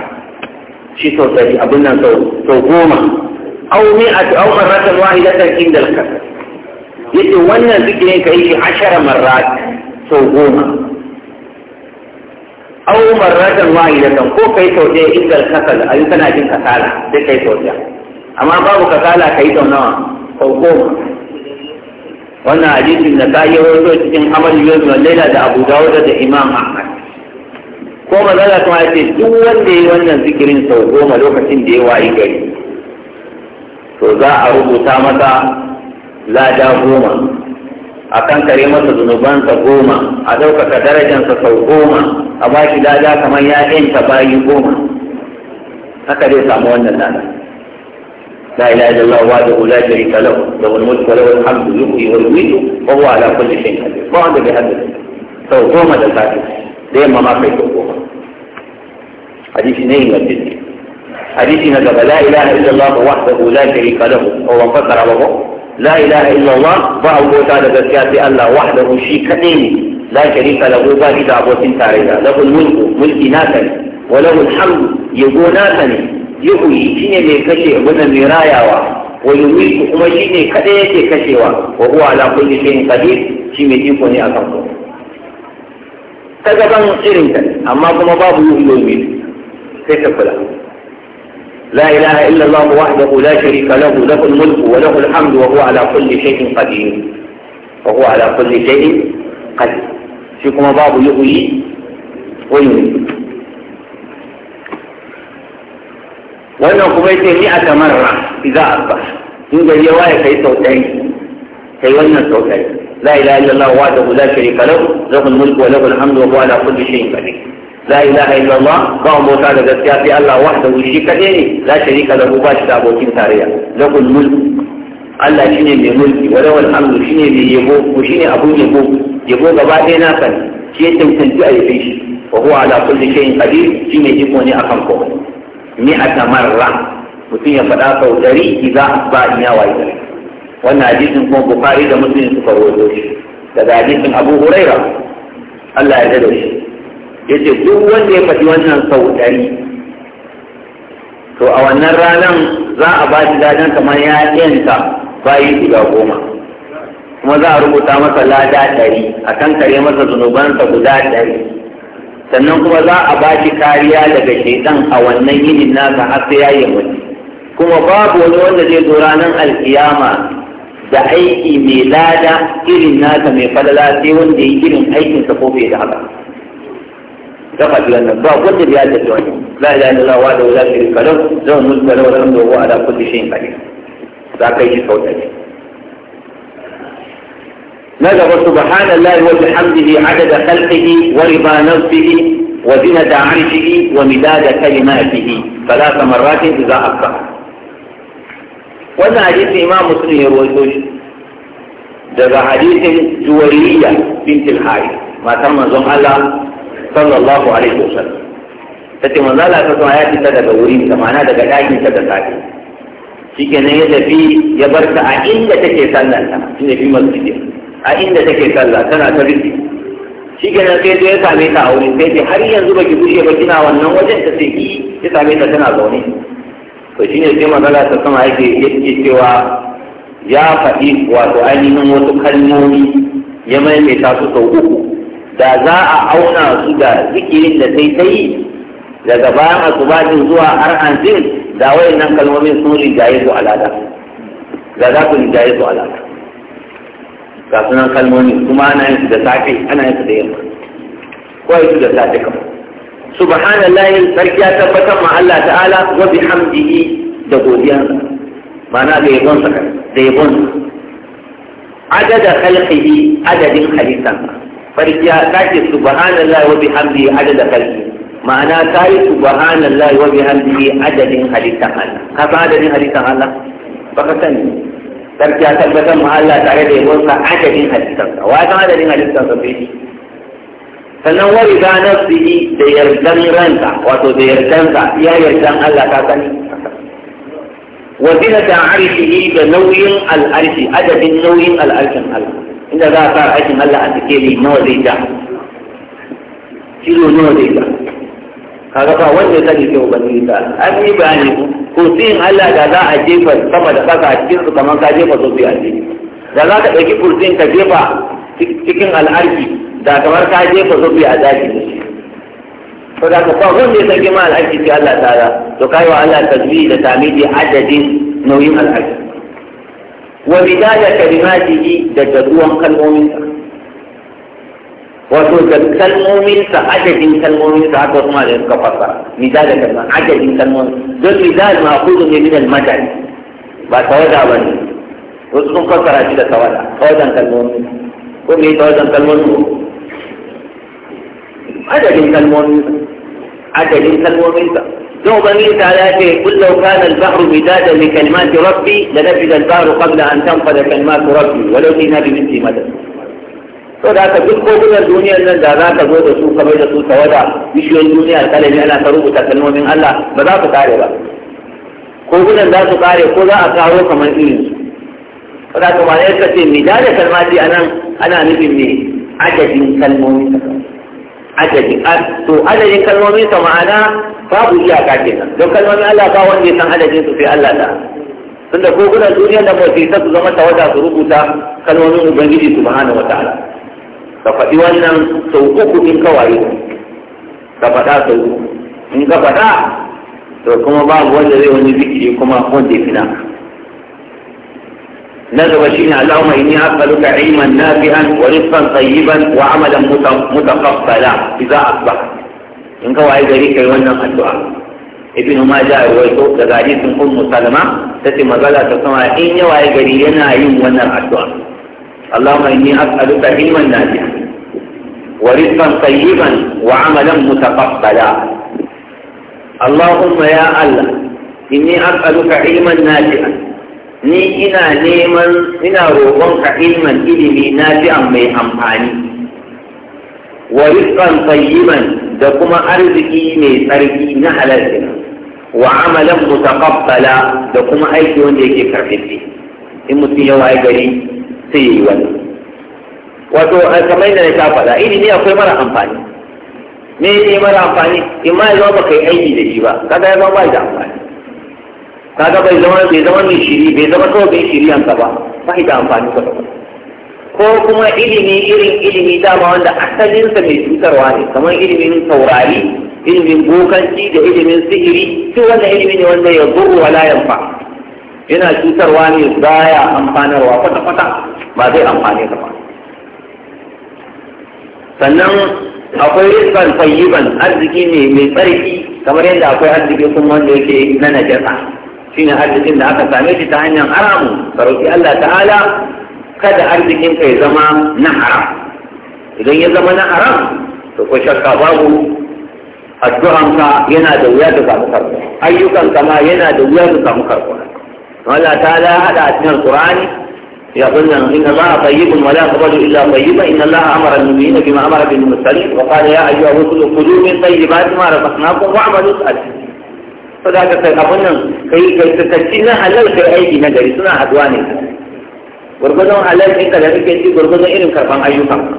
shi sau sai abin nan To goma aw mi'atu aw marratan wahidatan inda al-kasr yace wannan zikirin kai shi ashara marrat to goma aw marratan wahidatan ko kai sau ɗaya inda kasala ayi kana jin kasala sai kai sau amma babu kasala kai sau nawa sau goma wannan hadisin da ka yi rawaito cikin amal yau da laila da abu dawo da imam ahmad ko manzala kuma ya ce duk wanda ya yi wannan zikirin sau goma lokacin da ya wayi gari to za a rubuta masa lada goma a kan kare masa zunubansa goma a ɗaukaka darajansa sau goma a ba shi lada kamar ya bayi goma haka zai samu wannan lada لا إله إلا الله وحده لا شريك له له الملك وله الحمد يحيي ويميت وهو على كل شيء قدير ما عنده بهذا توقوما الفاتح دائما ما في توقوما حديث نهي الجد حديث نجم لا إله إلا الله وحده لا شريك له هو فكر وهو لا إله إلا الله بعض تعالى بسيات الله وحده شيء كثير لا شريك له باقي دعوة تاريخ له الملك ملك ناسا وله الحمد يقول ناسا yuhyi shine mai kashe wannan mai rayawa wa kuma shine kada yake kashewa wa huwa ala kulli shay'in qadir shi mai iko ne akan ku ta gaban irin ta amma kuma babu yuhyi yumitu sai ta kula لا إله إلا الله وحده لا شريك له له الملك وله الحمد وهو على كل شيء قدير وهو على كل shi kuma babu باب يغيي ويميت wannan kuma yace ni a tamarra idza asba in gari ya waye kai sau ɗari kai wannan sau ɗari la ilaha illallah wahdahu la sharika lahu lahul mulku wa lahul hamdu wa huwa ala kulli shay'in qadir la ilaha illallah ba mu ta da gaskiya sai Allah wahdahu shi kadai ne la sharika lahu ba shi da abokin tarayya lahul mulku Allah shine mai mulki wa lahul hamdu shine mai yabo ko shine abun yabo yabo gaba ɗaya na kan shi ya tantance a yi shi wa huwa ala kulli shay'in qadir shine iko ne akan komai mi'ata marra mutum ya faɗa sau ɗari idza asba in ya wayi gari wannan hadisin kuma bukhari da muslim suka rawaito shi daga hadisin abu huraira Allah ya dade shi Ya ce duk wanda ya faɗi wannan sau ɗari to a wannan ranar za a ba shi ladan kamar ya yanta bayi guda goma kuma za a rubuta masa lada ɗari a kan kare masa zunubansa guda ɗari sannan kuma za a ba shi kariya daga shaidan a wannan yinin nasa har sai ya yi kuma babu wani wanda zai zo ranar alkiyama da aiki mai lada irin nasa mai falala sai wanda ya yi irin aikinsa ko bai da haka kafa ji wannan ba wanda ya tafi wani la ilaha illallah wa la ilaha illallah zan mulka lahu wa ala kulli shay'in qadir za ka yi shi sauta ne na gaba subhanallahi wa bihamdihi adada khalqihi wa riba nafsihi wa zinata arshihi wa midada kalimatihi salasa marratin idza afsah wannan hadisi imam muslim ya rawaito shi daga hadisin juwariya bint al-harith matan manzon Allah sallallahu alaihi wasallam tace manzo Allah ta tsaya ya fita daga wurin ma'ana daga dakin da safe ya bar ta a inda take sallar ta shine a inda take sallah tana ta rufe shi kenan sai ya same ta a wurin sai ce har yanzu ba ki bushe ba kina wannan wajen ta sai ya same ta tana zaune to shi ne sai magana ta sama yake yake cewa ya faɗi wato ainihin wasu kalmomi ya maimaita su sau uku da za a auna su da zikirin da sai ta yi daga bayan asubajin zuwa har anzin da wayannan kalmomin sun rijaye su alada da za su su alada ga sunan kalmomi kuma ana yin su da safe ana yin su da yamma ko yin su da safe kamar subhanallahi sarki ya tabbatar ma Allah ta'ala wa bihamdihi da godiyansa ma'ana da yabon sa da yabon adada khalqihi adadin halittansa farki ya kace subhanallahi wa bihamdihi adada khalqihi ma'ana ta yi subhanallahi wa bihamdihi adadin halittan Allah ka san adadin halittan Allah baka sani gaskiya tabbatar mu Allah tare da yabonsa adadin halittarsa wa san adadin halittarsa bai shi sannan wari za nafsihi da yardan ranka wato da yardanka ya yardan Allah ta sani wa zinata arshihi da nauyin al'arshi adadin nauyin al'arshin Allah inda za a sa aikin Allah a cike ne nawa zai ja kilo nawa zai ja kaga ba wanda ya ke sai ubangiji ta an yi bayani ku kursiyin Allah da za a jefa sama da ƙasa a cikin su kamar ka jefa so biyu a cikin da za ka ɗauki kursin ka jefa cikin al'arki da kamar ka jefa so biyu a zaki to da ka ba wanda ne san girman al'arki sai Allah ta'ala to kai wa Allah tasbihi da tamidi adadin nauyin al'arki wa bidaya kalimatihi da jaduwan kalmominsa وتذكر المؤمن فحاجة جنس المؤمن فحاجة ما مثال كما حاجة جنس ذو مثال مأخوذ من من المجال وتوضع بني وذكر كفر عجل توضع توضع انت المؤمن قم لي توضع انت المؤمن حاجة جنس المؤمن ذو بني تعالى قل لو كان البحر مدادا لكلمات ربي لنفذ البحر قبل ان تنفذ كلمات ربي ولو جئنا بمثل مدد to da ka duk kogunan duniyar nan da za ka zo da su kamar da su tawada bishiyoyin duniya kalami ana ta rubuta kalmomin Allah ba za ku kare ba kogunan za su kare ko za a kawo kamar irin su to da yadda ne kace mijalar kalmati a nan ana nufin ne adadin kalmomin ka adadin to adadin kalmomin ka ma'ana babu iyaka kenan don kalmomin Allah ba wanda ya san adadin su sai Allah ta tunda kogunan duniyar da ba su zama tawada su rubuta kalmomin ubangiji subhanahu wataala ka faɗi wannan sau uku in ka waye ka faɗa sau in ka faɗa to kuma babu wanda zai wani zikiri kuma wanda ya fi na na gaba shine Allahumma inni as'aluka ilman nafi'an wa rizqan tayyiban wa amalan mutaqabbala idza asbah in ka waye gari kai wannan addu'a ibnu majah rawaito daga hadisin ummu salama tace magala ta sama in ya gari yana yin wannan addu'a اللهم إني أسألك علما نافعا ورزقا طيبا وعملا متقبلا اللهم يا الله إني أسألك علما نافعا ni ina neman ina ilman ilimi na mai amfani wa rizqan tayyiban da kuma arziki mai tsarki na halal wa amalan mutaqabbala da kuma aiki wanda yake karfafe in mutum ya gari sai yi wato eh, kamar yadda na ta faɗa ilimi akwai mara amfani me ne mara amfani in ma ya baka yi aiki da shi ba kaga ya zama bai da amfani kaga bai zama bai zama mai shiri bai zama kawai bai shiri an ba ba da amfani ba ko kuma ilimi irin ilimi dama wanda asalinsa mai cutarwa ne kamar ilimin taurari ilimin bokanci da ilimin sihiri duk wanda ilimi ne wanda ya gurru wala yanfa yana cutarwa ne baya amfanarwa kwata-kwata ba zai amfane ka ba sannan akwai rizkan fayyiban arziki ne mai tsarki kamar yadda akwai arziki kuma wanda yake na najasa ne arzikin da aka same shi ta hanyar haramu ka roki Allah ta'ala kada arzikin ka ya zama na haram idan ya zama na haram to ko shakka babu addu'anka yana da wuya da samu karɓa ayyukanka ma yana da wuya da samu karɓa Allah ta'ala hada a cikin Qur'ani يقول إن الله طيب ولا قبل إلا طيبا إن الله أمر المؤمنين بما أمر به المسلم وقال يا أيها وكل قلوب طيبات ما رزقناكم وعملوا سأل فذلك سيقول لهم كي تتشينا ألل في أيدي مدرسنا أدواني وربنا ألل في كلامك أنت وربنا إنك فهم أيها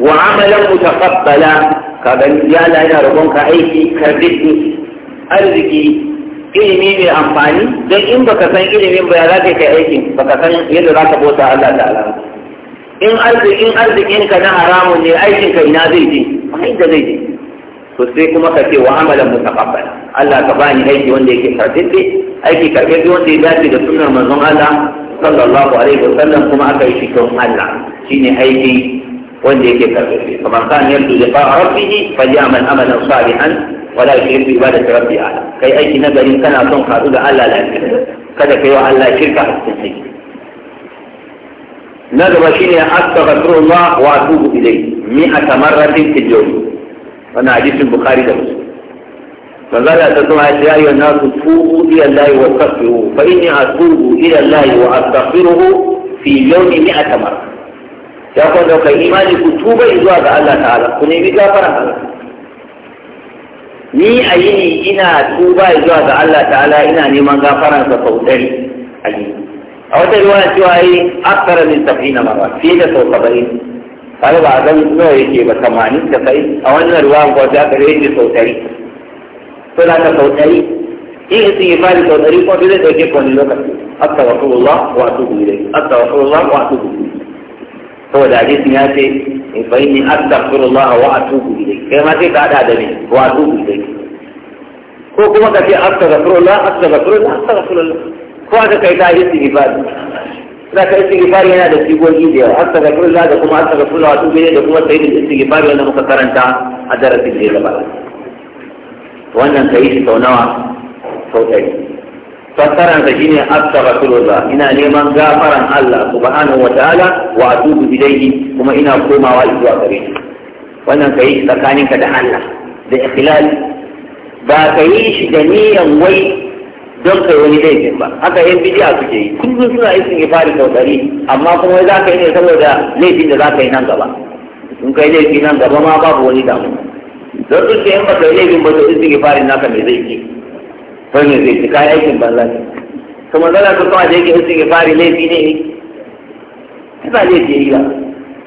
وعملا متقبلا كابن يا لا يا ربنا كأيدي كردي أرزقي ilimi mai amfani don in baka san ilimin ba ya za ka kai aikin baka san yadda za ka bauta Allah ta'ala in arzikin arzikin ka na haramun ne aikin ka ina zai je ba inda zai je to sai kuma ka ce wa amalan mutaqabbal Allah ka bani aiki wanda yake karfe aiki karfafe wanda ya dace da sunnar manzon Allah sallallahu alaihi wasallam kuma aka yi shi don Allah shine aiki wanda yake karfe kamar kan yadda liqa rabbihi falyamal amalan salihan wala shirin bi ibadati rabbi ala kai aiki na gari kana son ka da Allah lafiya kada kai wa Allah shirka a cikin sai na gaba shine astaghfirullah wa atubu ilayhi mi'ata marratin fil yawm wannan hadisin bukhari da muslim manzo Allah ta tsaya ya ayyuhan nasu tubu ila Allah wa astaghfiru fa inni atubu ila Allah wa astaghfiruhu fi yawmi mi'ata marra ya kwanda kai imani ku tuba zuwa ga Allah ta'ala ku nemi gafaran Allah ni a yini ina tuba zuwa ga Allah ta'ala ina neman gafaran sa ɗari a yini a wata ruwa cewa yi akara min sab'ina marra fiye da sau saba'in har ba a zan nawa yake ba tamanin da kai a wannan ruwa ko ta kare yake sau ɗari to da ka sau ɗari in sun yi fari sau ɗari ko zai ɗauke ko wani lokaci astaghfirullah wa atubu ilayhi astaghfirullah wa atubu ilayhi saboda hadisin ya ce فإني أستغفر الله وأتوب إليك كما تيت هذا أدمي وأتوب إليك كو كما تكي أستغفر الله أستغفر الله أستغفر الله كو هذا أستغفر الله أستغفر الله أستغفر الله أستغفر الله أستغفر الله أستغفر الله أستغفر الله أستغفر الله أستغفر أستغفر أستغفر أستغفر أستغفر أستغفر أستغفر أستغفر الله الله الله الله الله الله الله الله أستغفر الله أستغفر الله أستغفر الله أستغفر الله أستغفر الله أستغفر الله أستغفر الله صوتين fassaran sa shine astaghfirullah ina neman gafaran Allah subhanahu wataala wa atubu ilayhi kuma ina komawa zuwa gare shi wannan kai tsakaninka da Allah da ikhlal ba ka yi shi da niyan wai don kai wani laifin ba haka yan bidiya suke yi kullum suna yi sun yi fari kautari amma kuma za ka yi ne saboda laifin da za ka yi nan gaba in kai laifi nan gaba ma babu wani damu don duk da yan ba yi laifin ba to sun yi fari naka mai zai ke wai ne zai cika aikin banza ne to manzala ta kuma da yake hutun ya fari laifi ne ne ba laifi yi ba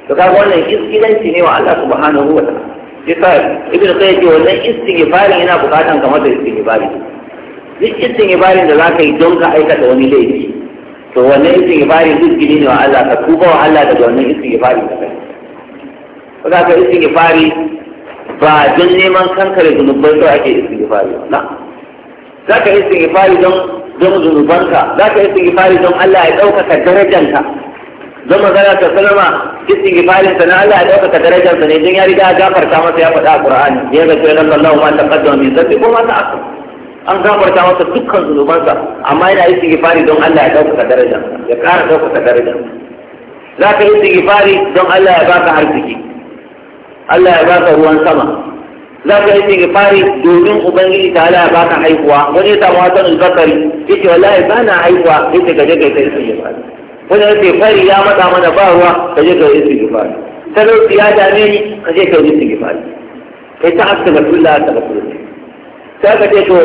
to kaga wannan iskilanci ne wa Allah subhanahu wa ta'ala yasa ibn sai ce wannan fari yana bukatan kamar da fari. duk fari da za ka yi don ka aikata wani laifi to wannan fari duk gini ne wa Allah ka tuba wa Allah daga wannan fari da kai ko za ka fari ba don neman kankare zunubai kawai ake fari na za ka yi istighfari don don zunubanka za ka yi istighfari don Allah ya ɗaukaka darajanka don magana ta salama istighfarin sa na Allah ya ɗaukaka darajansa ne don ya riga ya gafarta masa ya faɗa a Qur'ani ya ga cewa Allah ma taqaddama min sabbi ko ma ta'akhkhar an gafarta masa dukkan zunubansa amma yana yi istighfari don Allah ya ɗaukaka darajansa ya ƙara ɗaukaka darajansa za ka yi istighfari don Allah ya baka arziki Allah ya baka ruwan sama za ka yi fari domin ubangiji ta ala ba ka haihuwa wani ya samu hasan al-bakari yace wallahi ba na haihuwa yace ka je ka yi fari wani ce fari ya mata mana ba ruwa ka je ka yi istighfari talauci ya dame ni ka je ka yi fari kai ta astaghfirullah astaghfirullah ta ka ce to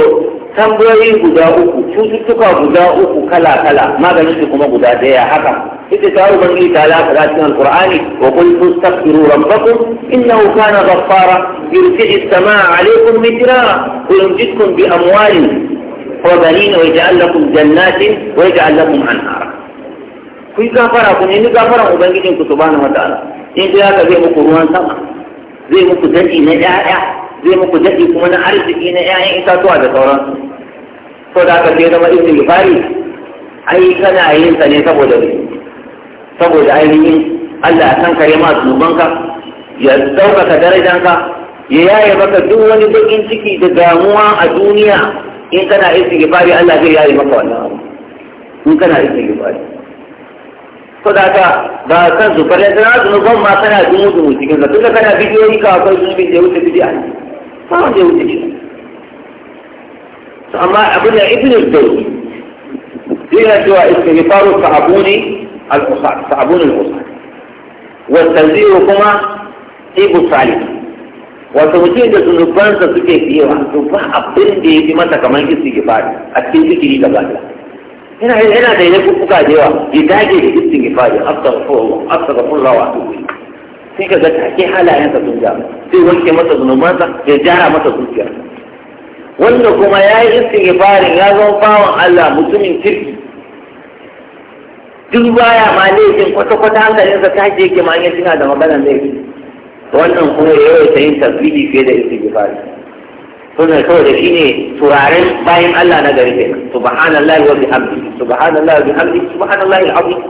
tambayoyi guda uku cututtuka guda uku kala kala maganin su kuma guda daya haka ita ta ruban ni ta la fara cikin alqur'ani wa qul tastaghfiru rabbakum innahu kana ghaffara yursilu as-samaa 'alaykum mitra wa yumdidkum bi amwalin وبنين ويجعل ku ne ni لكم أنهارا كي غفر أكون إن غفر أبنجدين سبحانه وتعالى muku ruwan sama zai muku dadi na نجاعة zai muku daɗi kuma na arziki na 'ya'yan itatuwa da sauran. so da aka ce zama istighfari ai kana yin sa ne saboda saboda ainihin Allah ya san kare ma zunubanka ya ɗaukaka darajanka ya yaye maka duk wani bakin ciki da damuwa a duniya in kana istighfari Allah zai yaye maka wannan abu in kana istighfari ko da ka ba san su bare da zunuban ma kana dumu dumu cikin ka tunda kana bidiyoyi ka akwai zunubin da ya wuce bidi'a صار يوديش سأما أبنى ابن الدول فيها سواء استغفار صعبون الأصار صعبون الأصار والتنزيركما إيب الصالح وتوجيه الزنوبان تسكي فيها تبع أبن دي بما تكمل استغفار أكيد كيري كبالا هنا هنا ده يكون بقى جوا يتاجي استغفار أستغفر الله أستغفر الله وأتوب إليه sai ka ga take halayensa sun ja sai wanke masa zunubansa ya jara masa zuciya wanda kuma ya yi istighfarin ya zo bawan Allah mutumin kirki duk baya ma laifin kwata-kwata hankalinsa ta je ke ma suna da maganar laifi wannan kuma ya yi ta yin tasbihi fiye da istighfari sunan kawai da ne turaren bayan Allah na gari kenan subhanallahi wa bihamdi subhanallahi wa bihamdi subhanallahi al-azim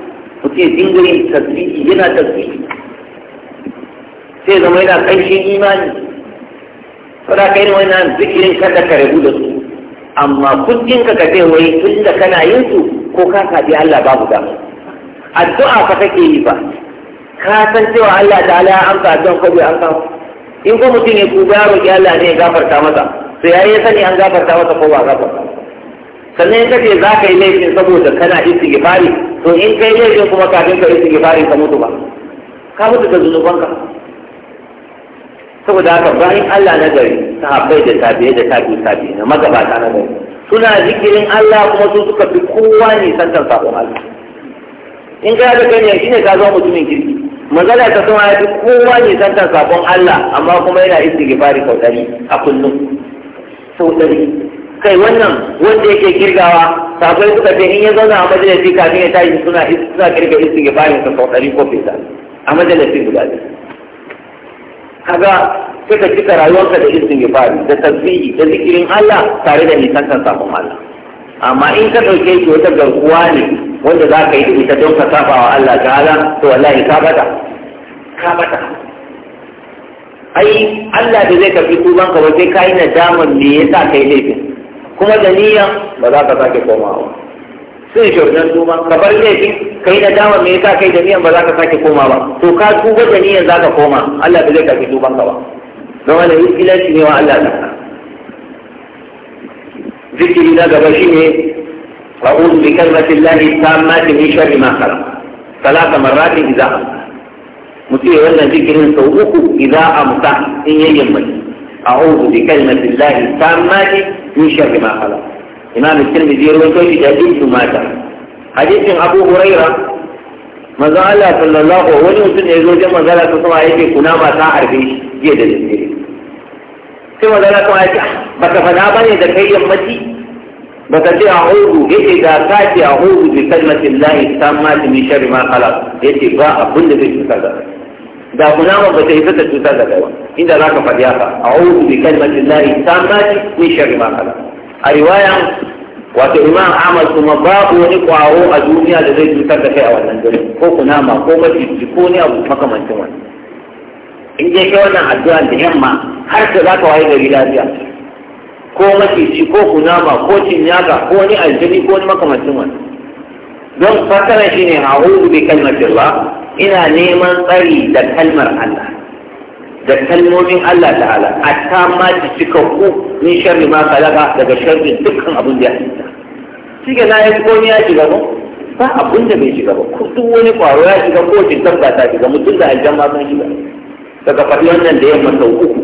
mutum ya dinga yin tasbihi yana tasbihi sai zama yana ƙanshin imani saboda kai ne wannan zikirin kada ka rabu da su amma kudin ka kace wai tun da kana yin su ko ka sabi Allah babu da addu'a ka kake yi ba. ka san cewa Allah ta'ala ya amsa addu'an ko bai amsa in ko mutum ya ku ya roƙi Allah ne ya gafarta masa sai yayi sani an gafarta masa ko ba gafarta sannan ka ce za ka yi laifin saboda kana istighfari to in kai laifin kuma kafin ka istighfari ka mutu ba ka mutu da zunubanka saboda haka bayan Allah na gari sahabbai da tabi'ai da ta tabi'ai na magabata na gari suna zikirin Allah kuma su suka fi kowa ne san sabon Allah in ka da kai ne shine ka zama mutumin kirki magana ta sama ya fi kowa ne san sabon Allah amma kuma yana istighfari ko dari a kullum sau dari kai wannan wanda yake kirgawa sabai suka ce in ya zauna a majalisi kafin ya tashi suna suna kirga istighfarin sa sau ɗari ko fesa a majalisin guda biyu kaga kika ka cika rayuwarka da izini istighfari da tasbihi da zikirin Allah tare da nisantar samun Allah amma in ka ɗauke shi wata garkuwa ne wanda za ka yi da ita don ka saba wa Allah ta'ala to wallahi ka bata ka bata ai Allah da zai karbi tuban ka ba sai kai nadaman me yasa kai laifin kuma da niyya ba za ka sake komawa sai shaudan tuba ka bar laifin kai na dama me yasa kai da niyan ba za ka sake koma ba to ka tuba da niyan za ka koma Allah ba zai karbi tuban ka ba don wani iskilanci ne wa Allah ta zikiri na gaba shi ne أعوذ بكلمة الله التامة من شر ما خلق ثلاث مرات إذا mutum ya wannan zikirin sau uku idan amsa in yayin mai a'udhu bi kalimatillahi tammati min sharri ma khalaq imam tirmidhi ya rawaito shi da ibn majah hadisin abu huraira manzo Allah sallallahu alaihi wani mutum ya zo jin manzo Allah kuma yake kuna ba ta harbe jiya da dare sai manzo Allah kuma yake ah, baka fada bane da kai yammaci baka ce a hudu yake da kace a hudu bi kalmatin lahi tammati min sharri ma khalaq yake ba abun da zai cutar da da kuna ma ba ta yi ta cutar da kai ba inda zaka fadiya ka a hudu bi kalmatin lahi tammati min sharri ma khalaq a riwaya, wato imam ahmad kuma babu wani kwaro a duniya da zai cutar da kai a wannan dare ko kunama ko maciji ko ne abu makamancin wani in je kai wannan addu'a da yamma har ka za ka waye gari lafiya ko maciji ko kunama ko cinyaka ko wani aljini ko wani makamancin wani don fasara shine a'udhu bi kalmatillah ina neman tsari da kalmar Allah da kalmomin Allah ta'ala a ta ma ci cika ku min sharri ma kalaka daga sharri dukkan abin da ya cika. shi ga na ya ko ya shiga ba ba abin da bai shiga ba ko duk wani kwaro ya shiga ko shi tabba ta shiga mutum da aljan ma sun shiga daga faɗi wannan da yamma sau uku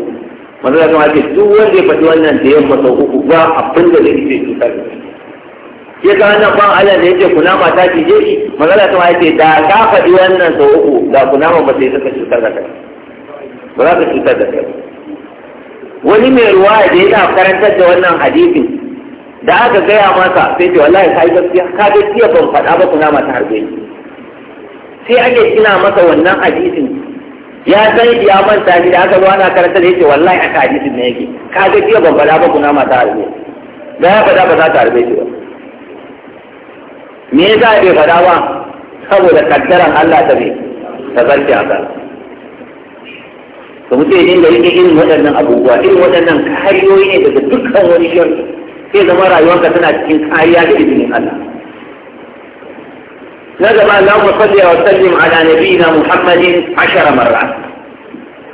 manzo da kuma ce duk wanda ya faɗi wannan da yamma sau uku ba abin da zai ce cutar da shi ya ga wannan ban Allah da yake kuna mata ki je shi manzo da kuma ce da ka faɗi wannan sau uku da kuna ma ba sai saka cutar da kai ba za ka cutar da kai wani mai ruwa da yana karantar da wannan hadisi da aka gaya masa sai ce wallahi ka yi gaskiya ka gaskiya ban faɗa ba kuna mata harbe sai ake kina masa wannan hadisin ya san shi ya manta shi da aka zo ana karantar da yake wallahi aka hadisin ne yake ka gaskiya ban faɗa ba kuna mata harbe da ya faɗa ba za ta harbe shi ba me yasa bai faɗa ba saboda kaddaran Allah ta bai ta zarce a kansa ka mutum ya dinga rike irin waɗannan abubuwa irin waɗannan kariyoyi ne daga dukkan wani shirki sai zama rayuwarka tana cikin kariya da izinin Allah na gaba Allahumma salli wa sallim ala nabiyyina Muhammadin 10 marrat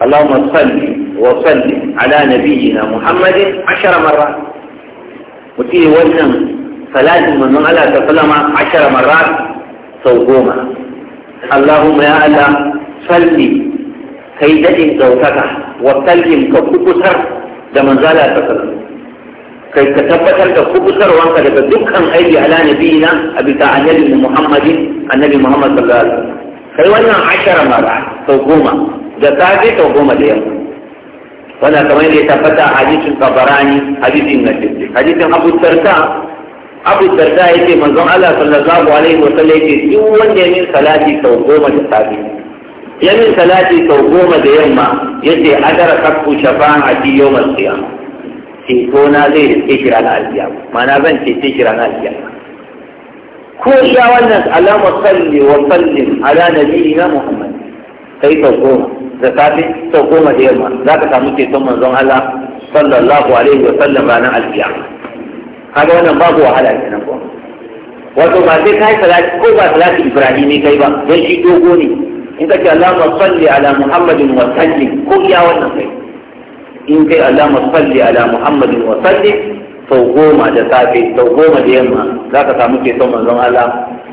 Allahumma salli wa sallim ala nabiyyina Muhammadin ashara marra. mutum wannan salatin manzon Allah ta salama ashara marra sau goma Allahumma ya Allah salli kai daɗin daukaka wa kallim ka kubutar da manzala ta sallallahu kai ka tabbatar da kubutarwanka daga dukkan aiki ala nabiyina a bisa annabi muhammadin annabi muhammad sallallahu alaihi kai wannan ashara mara sau goma da safe sau goma da yamma wannan kamar yadda ya tabbata a hadisin kabarani hadisin nasir hadisin abu sarta abu sarta yake manzon Allah sallallahu alaihi wasallam yake duk wanda ya min salati sau goma da safe ya min salati sau goma da yamma ya ce dara kakku shafa'an a fi yau masu yamma ko na zai ke kira na aljiya ma'ana zan cece kira na aljiya ko iya wannan alama salli wa sallin ala nabi na muhammad kai sau goma da safe sau goma da yamma za ka samu son manzon allah sallallahu alaihi wa sallam ranar aljiya kaga wannan babu wahala na ko wato ba sai yi salati ko ba salati ne kai ba don shi dogo ne in ka ce Allahumma salli ala Muhammadin wa sallim ko iya wannan kai in kai Allahumma salli ala Muhammadin wa sallim sau goma da safe sau goma da yamma za ka samu ceton manzon Allah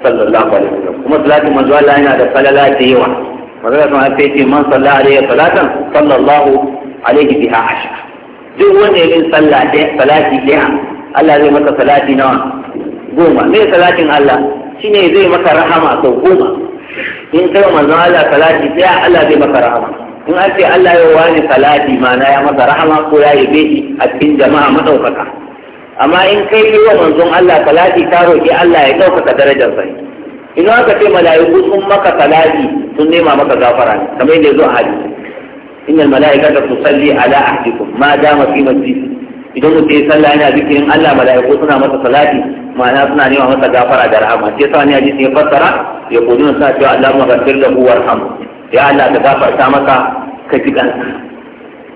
sallallahu alaihi wasallam kuma salatin manzon Allah yana da falala da yawa manzon Allah sai ce man salla alaihi salatan sallallahu alaihi biha ashir. duk wanda yayin sallah da salati daya Allah zai maka salati nawa goma me salatin Allah shine zai maka rahama sau goma in kai manzo Allah salati sai Allah zai maka rahama in an ce Allah ya wani salati mana ya maka rahama ko ya yi shi a cikin jama'a madaukaka amma in kai yi wa manzon Allah salati ka roki Allah ya daukaka darajar sai idan aka ce mala'iku sun maka salati sun nema maka gafara kamar yadda zo a hadisi innal mala'ikata tusalli ala ahdikum ma dama fi masjid idan mutum ya sallah yana zikirin Allah mala'iku suna masa salati ma'ana suna nema masa gafara da rahama sai sa ne hadisi ya fassara ya kodi na sa cewa Allahumma ghafir lahu warham ya Allah ka gafarta masa ka ji kan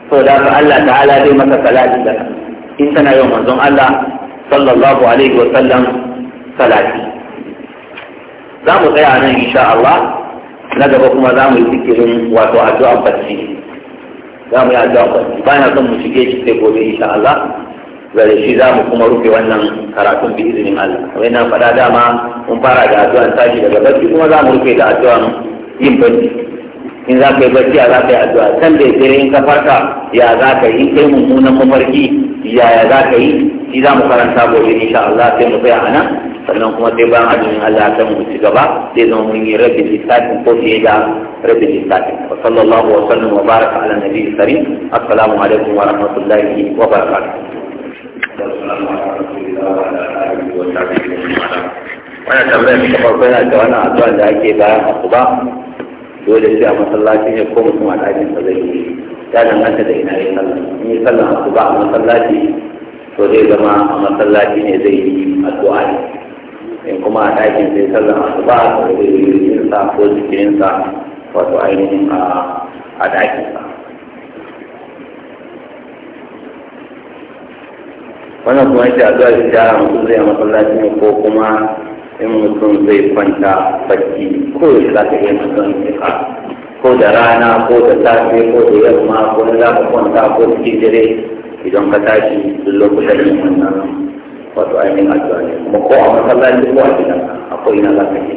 saboda haka Allah ta'ala zai masa salati da in tana yau manzon Allah sallallahu alaihi wa sallam salati za mu tsaya nan insha Allah na gaba kuma za mu yi zikirin wato addu'a bacci za mu yi addu'a kwanci ba na son mu shige shi sai gobe insha Allah da shi za mu kuma rufe wannan karatun bi izinin Allah kamar na faɗa dama mun fara da addu'an tashi daga barci kuma za mu rufe da addu'an yin barci in za ka yi barci a za ka yi addu'a San da dare in ka farka ya za ka yi kai mummunan mafarki ya ya za ka yi shi za mu karanta gobe insha Allah sai mu tsaya a nan sannan kuma sai bayan azumin Allah ta mu ci gaba sai zama mun yi rabbi lissafin ko fiye da rabbi lissafin wa sallallahu wa sallam wa baraka ala nabi karim assalamu alaikum wa rahmatullahi wa barakatuh wannan tambayar ta farko yana da wannan addu'a da ake bayan asuba dole sai a masallaci ne ko mutum a ɗakin sa zai yi ya danganta da ina yin sallah in yi sallah asuba a masallaci to zai zama a masallaci ne zai yi addu'a ne in kuma a ɗakin sai sallar asuba da yiwuwinsa ko jikirinsa wato ainihin a ɗakin sa. wannan kuma yake addu'a da gyara mutum zai masallaci ne ko kuma in mutum zai kwanta bacci ko yaushe za ka iya mutum ka ko da rana ko da safe ko da yamma ko da za ka kwanta ko cikin dare idan ka tashi duk lokutan yin wannan wato ainihin addu'a ne kuma ko a masallaci ko a gidan akwai na za ka yi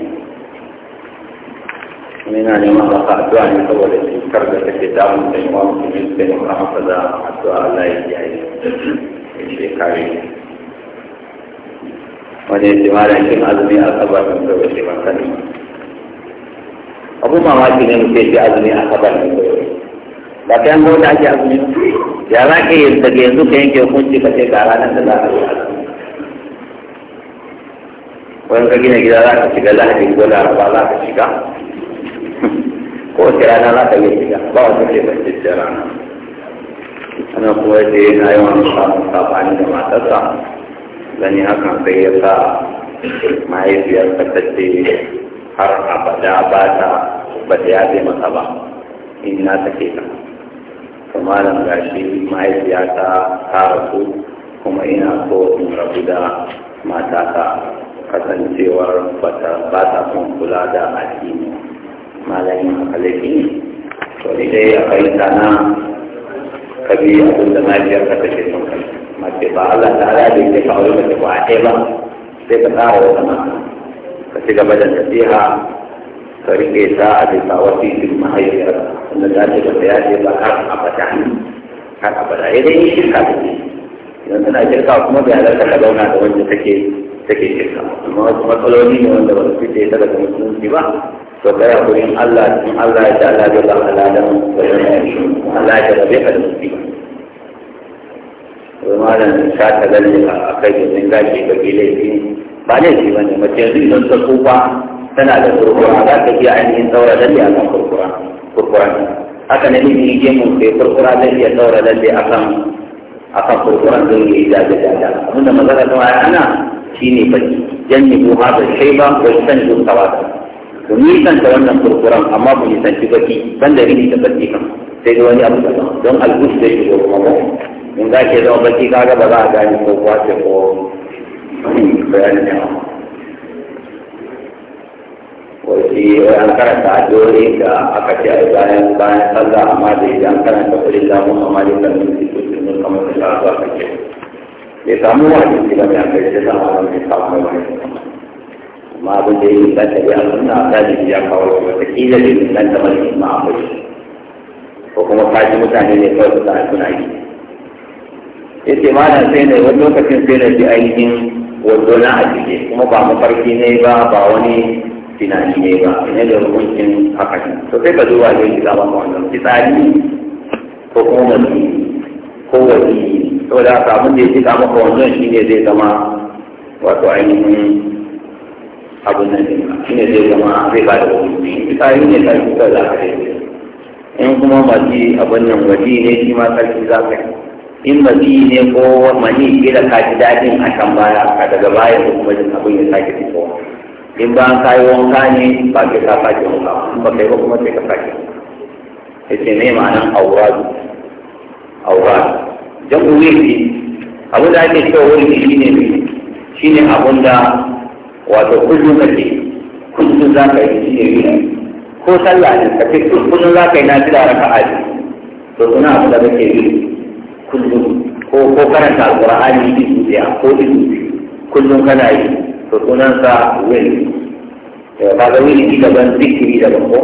muna neman maka addu'a ne saboda cutar da take damun da yawa musulmi da yawa haka da addu'a Allah ya yi ya ce kare wani ya ce ma da azumi a sabar da kawai ce ban sani abu mamaki ne muke ce azumi a da ba ta yanzu da ake azumi ya za ka yi daga yanzu ka yanke hukunci ka ce ga ranar da za ka yi azumi wani ka gina gida za ka shiga lahadin ko laraba za ka shiga ko wace rana za ka iya shiga ba wata ce mai cikin rana ana kuma yadda ya na yawan samun sabani da matarsa gani hakan sai ya sa mahaifiyarsa ta har abada ba ta ba ta yafe masa ba in na take ta kuma nan gashi mahaifiyata ta rasu kuma ina so in rabu da matata kasancewar bata ba ta son kula da addini malayin halittu to ni dai akwai sana kabi abin da mafiyar ka take son kai mafi ba Allah ta ala da ita kawai ba ta kwaɗe ba sai ka tsara wata ma ka ci gaba da tafiya. ka riƙe ta a bisa wasu yin mahaifiyar wanda za ta gaba ya ce ba a har abada har abada ya dai yi shirka da ke idan tana shirka kuma bai halarta ka zauna da wanda take take shirka amma wasu matsaloli ne wanda ba su fice ta daga musulunci ba to kai hakurin Allah in Allah ya ta Allah zai ba ka ladan wajen Allah ya rabe ka da musiba wai malam ka ta lalle a kai da zan gashi ka bi laifi ba ne shi ne mace yanzu idan ta tsufa tana da kurkura za ta iya ainihin saura lalle a kan kurkura kurkura haka ne miji ke mun kai kurkura zai iya saura lalle a kan a kan kurkuran zai iya jajajaja abinda magana ta waya ana shine baki ne ko ha bai kai ba wai san dun tawada ni san ta wannan kurkuran amma ku nisan ci baki ban da ni da baki kan sai da wani abu da don albush da shi ko kuma mun in ga ke zama baki kaga ba za a gani ko ce ko ne yawa wasi an karanta dole da aka ce a bayan bayan sallah amma da an karanta kullu lahu amma da kan su su kamar da Allah aka ce bai samu wani shi ba mai aka yi sama amma abin da ya yi yi a suna ma a ko kuma mutane ne yi na sai ne wani lokacin sai na ji ainihin na a jike kuma ba mafarki ne ba ba wani tunani ne ba ne da hukuncin haka ne to sai ka zuwa ne ki zama wannan fitsari ko kuma ko wani saboda haka abin da ya cika maka wannan shi ne zai zama wato ainihin abin nan shi ne zai zama zai ba da wani yi ne ta shi ka za ka in kuma maji abin nan waje ne shi ma sarki za ka yi in ne ko mani ke da ka ji daɗin a can baya ka daga baya ko kuma jin abin ya sake fitowa in ba ka yi wanka ne ba ke ka sake wanka in ba kai ba kuma sai ka sake ya ce ne ma'anan auradu auradu jamu wirdi abu da ake cewa wirdi shine ne shine abun da wato kullum kake kullum za ka yi shine wirdi ko sallah ne ka ce kullum za ka yi na jira raka'a ne to suna abu da kake yi kullum ko ko karanta alqur'ani izu ya ko izu kullum kana yi to sa sunansa wirdi eh, ba ga wirdi daban zikiri daban ko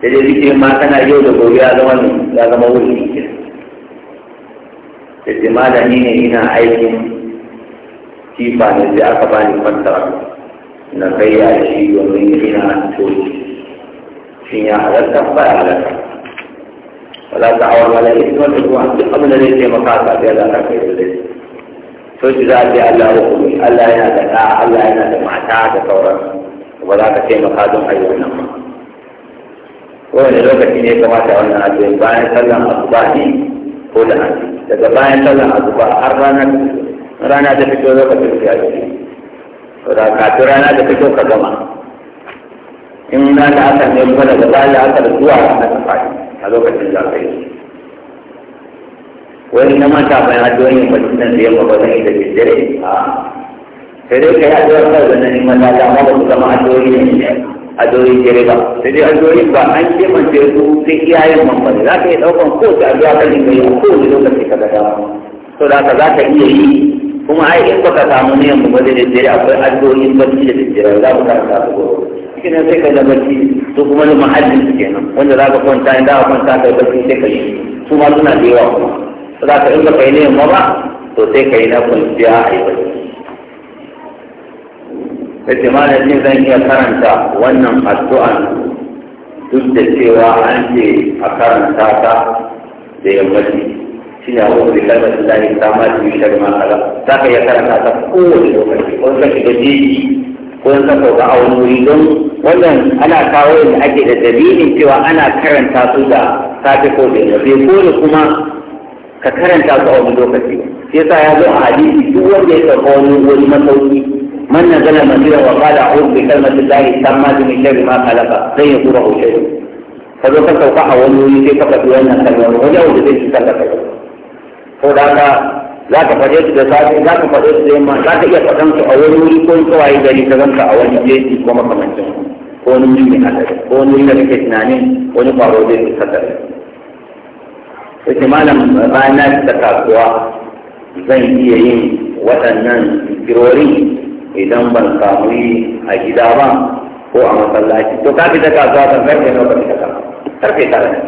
sai dai zikirin ma kana yau da gobe ya zama ne ya zama wuri yace malami ne ina aikin kifa ne sai aka bani kwantara na kai ya shi domin ina coci shin ya halatta ba ya halatta wala ta awar wala ya zuwa da zuwa duk abin da zai taimaka a safiya za ka kai dole coci za a ce Allah ya hukumi Allah yana da ɗa Allah yana da mata da sauran ba za ka taimaka don ayi wannan ba kowane lokaci ne kamata wannan abin bayan sallan asuba ne ko da hanci daga bayan sallar azuba har rana rana da fito lokacin da ya ce to da kafin rana da fito ka gama in na da aka ne kuma daga bayan da aka zuwa rana ta fadi a lokacin da ka yi wani na mata bayan addu'o'in mutum da yamma ba zan yi da daddare a sai dai ka yi addu'ar kawai da na neman ba su zama a doyin jere ba sai dai addu'o'in ba an kemance su sai iyayen mamman za ka iya ɗaukan ko addu'a kan ka yi a kowane lokaci ka ga dama to da ka za ka iya yi kuma ai in ka samu ne yanzu ba dai dai akwai ba barci da jira za ku karanta su gobe shi ne sai ka ga barci su kuma da mahallin su kenan wanda za ka kwanta in za ka kwanta kai barci sai ka yi su ma suna da yawa kuma za ka in ba yi ne yamma ba to sai ka yi na kwanciya a yi barci yace malamin zan iya karanta wannan addu'an duk da cewa an ce a karanta ta da yammaci shi ne abu da kalmar da zai ma da yi da kaza za ka iya karanta ta kowace lokaci ko ka shiga jeji ko ka sauka a wani wuri don wannan ana kawo yadda ake da dalilin cewa ana karanta su da safe ko da yammaci ko da kuma ka karanta su a wani lokaci sai sa ya zo a hadisi duk wanda ya sauka wani wani masauki من نزل مسيرا وقال اعوذ بكلمه الله التامه من شر ما خلق لن يضره شيء kazo ka sauka a wani wuri sai ka faɗi wannan kalmar wani abu da zai cutar da kai ko da ka za ka faɗe su da safe za ka faɗe su da yamma za ka iya faɗan su a wani wuri ko in kawai gari ka zanka a wani jeji ko ko ko tunanin na kasuwa zan iya yin waɗannan kirori idan ban samu yi a gida ba ko a masallaci to ka fita kasuwa ta karfe nawa ka fita kasuwa karfe tara ne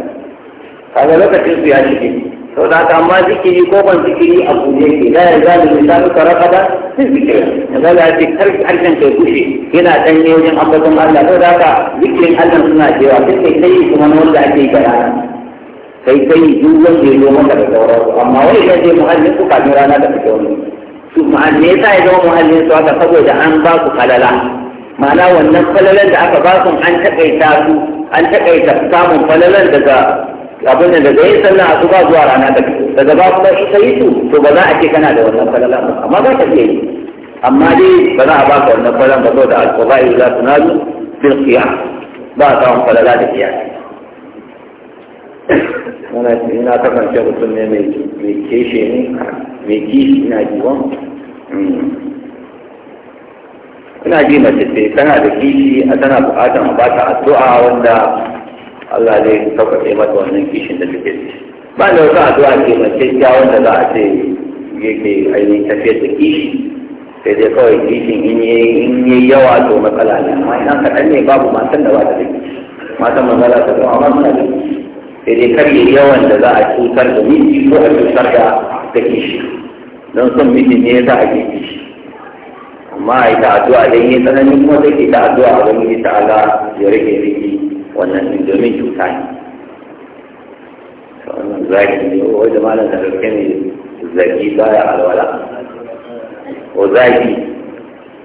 ga lokacin su ya shige to da haka amma zikiri ko ban zikiri a buɗe ke la ya zalu lisanu ta fi zikri yanzu da ce karfe harshen kai bushe yana danye wajen ambaton Allah to da haka zikirin Allah suna cewa duk kai kai kuma na wanda ake yi kana kai kai duk wanda ya zo maka da sauransu amma wani kai je muhallin ko kafin rana da fito wani me yasa ya zama muhallin su haka saboda an ba ku falala ma'ana wannan falalan da aka ba su an takaita su an takaita samun falalan daga abin da daga yin sallah su ba zuwa rana da daga ba ku ita yi su to ba za a ce kana da wannan falalan ba amma za ka ce amma dai ba za a ba ka wannan falalan ba saboda al za su nazu bil qiyam ba a samun falala da qiyam muna ina na kasance mutum ne mai keshe ne mai kishi ina jiwon hmm. ina ji mace ce tana da kishi a tana bukatan a bata addu'a wanda Allah zai sauƙaƙe mata wannan kishin da take da ba da wasu addu'a ke mace ta wanda za a ce yake ainihin tafiyar da kishi sai dai kawai kishin in yi yawa to matsala ne amma ina kaɗan ne babu matan da ba ta da kishi matan manzala ta zama amma suna da kishi sai dai kar yi yawan da za a cutar da miji ko a cutar da ta kishi don son miji ne za a ke kishi amma a yi ta addu'a dai yi tsanani kuma zai ke ta addu'a a wani ta ala ya rage riki wannan din domin cuta ne wannan zaki ne o wajen malam da rike ne zaki baya alwala ko zaki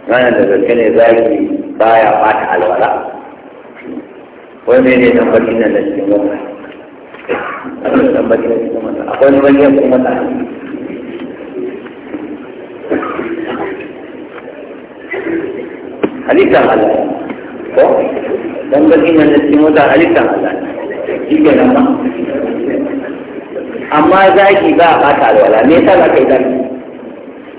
malam da rike ne zaki baya bata alwala wani mene ne tambaci nan da cikin wannan wannan bari na cikin mata akwai wani bari na cikin mata halittar Allah ko dan bari na cikin mata halittar Allah shi ke nan ba amma za ki ba a ɓata alwala me yasa za ka yi zaki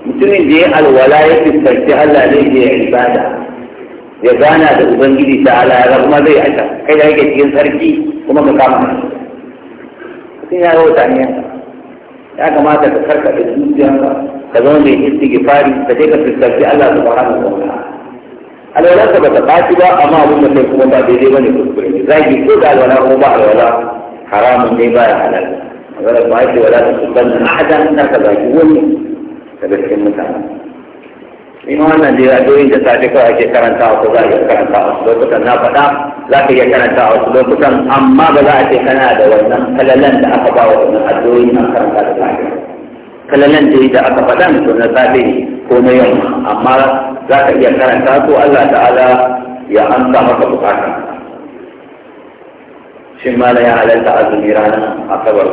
mutumin da ya alwala ya fuskanci Allah zai je ya ibada ya gana da ubangiji ta ala ya kuma zai aika kai da yake cikin sarki kuma ka kama mutum ya yi wata ne ya kamata ka karkaɗe zuciyanka ka zama mai istighfari ka je ka fuskanci Allah subhanahu wa ta'ala alwalarsa ba ta ɓaci ba amma abin da kai kuma ba daidai ba ne kuskure ne zagi ko da alwala ko ba alwala haramun ne ba ya halal alwala ba ya ce wala ta tuban na ahadan na ka zagi wani daga cikin mutane in wannan ya doyin da safe kawai ake karanta ko za a iya karantawa wasu lokutan na faɗa za ka iya a wasu lokutan amma ba za a ce kana da wannan kalalan da aka ba wa wannan addu'o'in an karanta da safe kalalan da da aka faɗa to na safe ko na yamma amma za ka iya karanta ko Allah ta'ala ya amsa maka bukata shin ma ya halatta azumi ranar asabar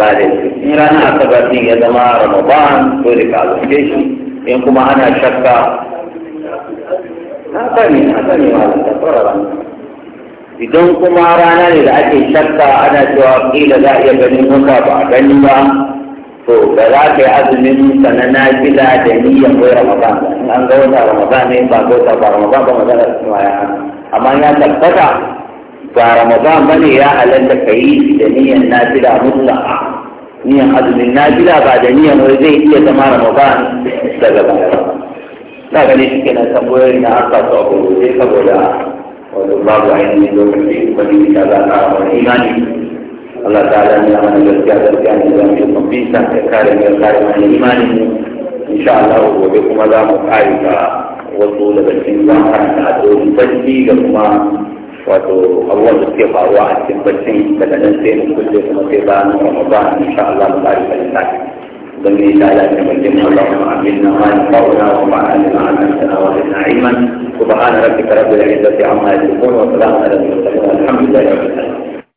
ba da in ranar asabar din ya zama ramadan ko da ka azumce shi in kuma ana shakka haka ne haka ne malam da fara idan kuma rana ne da ake shakka ana cewa kila za a iya ganin haka ba a gani ba to da za ka yi azumin ka na gida da niyyar ko ramadan in an ga wata ramadan ne ba gota ba ramadan ba magana su ma ya amma ya tabbata ba ramadan ba ne ya halatta ka yi da niyyar nafila mutlaka نية حزم النازلة بعد نية مرزين هي تمارا مبان سبب لذلك لا غنيش كنا سموين أعطى صعب الوزيخة ولا ولا الله عين من دور الحديث وليس كذا نعم الإيماني الله تعالى أن يعمل الجزء هذا الكامل لأن يكون فيه سنة كارم يكارم عن الإيمان إن شاء الله هو بكم الله محارفة وصولة بالإنسان حتى أدور تجديد الله wato abubuwan da suke faruwa a cikin barcin daga nan sai mun kulle kuma sai ba mu ramadan insha Allah mu bari kan ta dan ne da ya ce jin Allah mu amin na ma fauna wa ma alina an sana wa na'iman subhana rabbika rabbil izzati amma yasifun wa salamun ala al mursalin alhamdulillahi rabbil alamin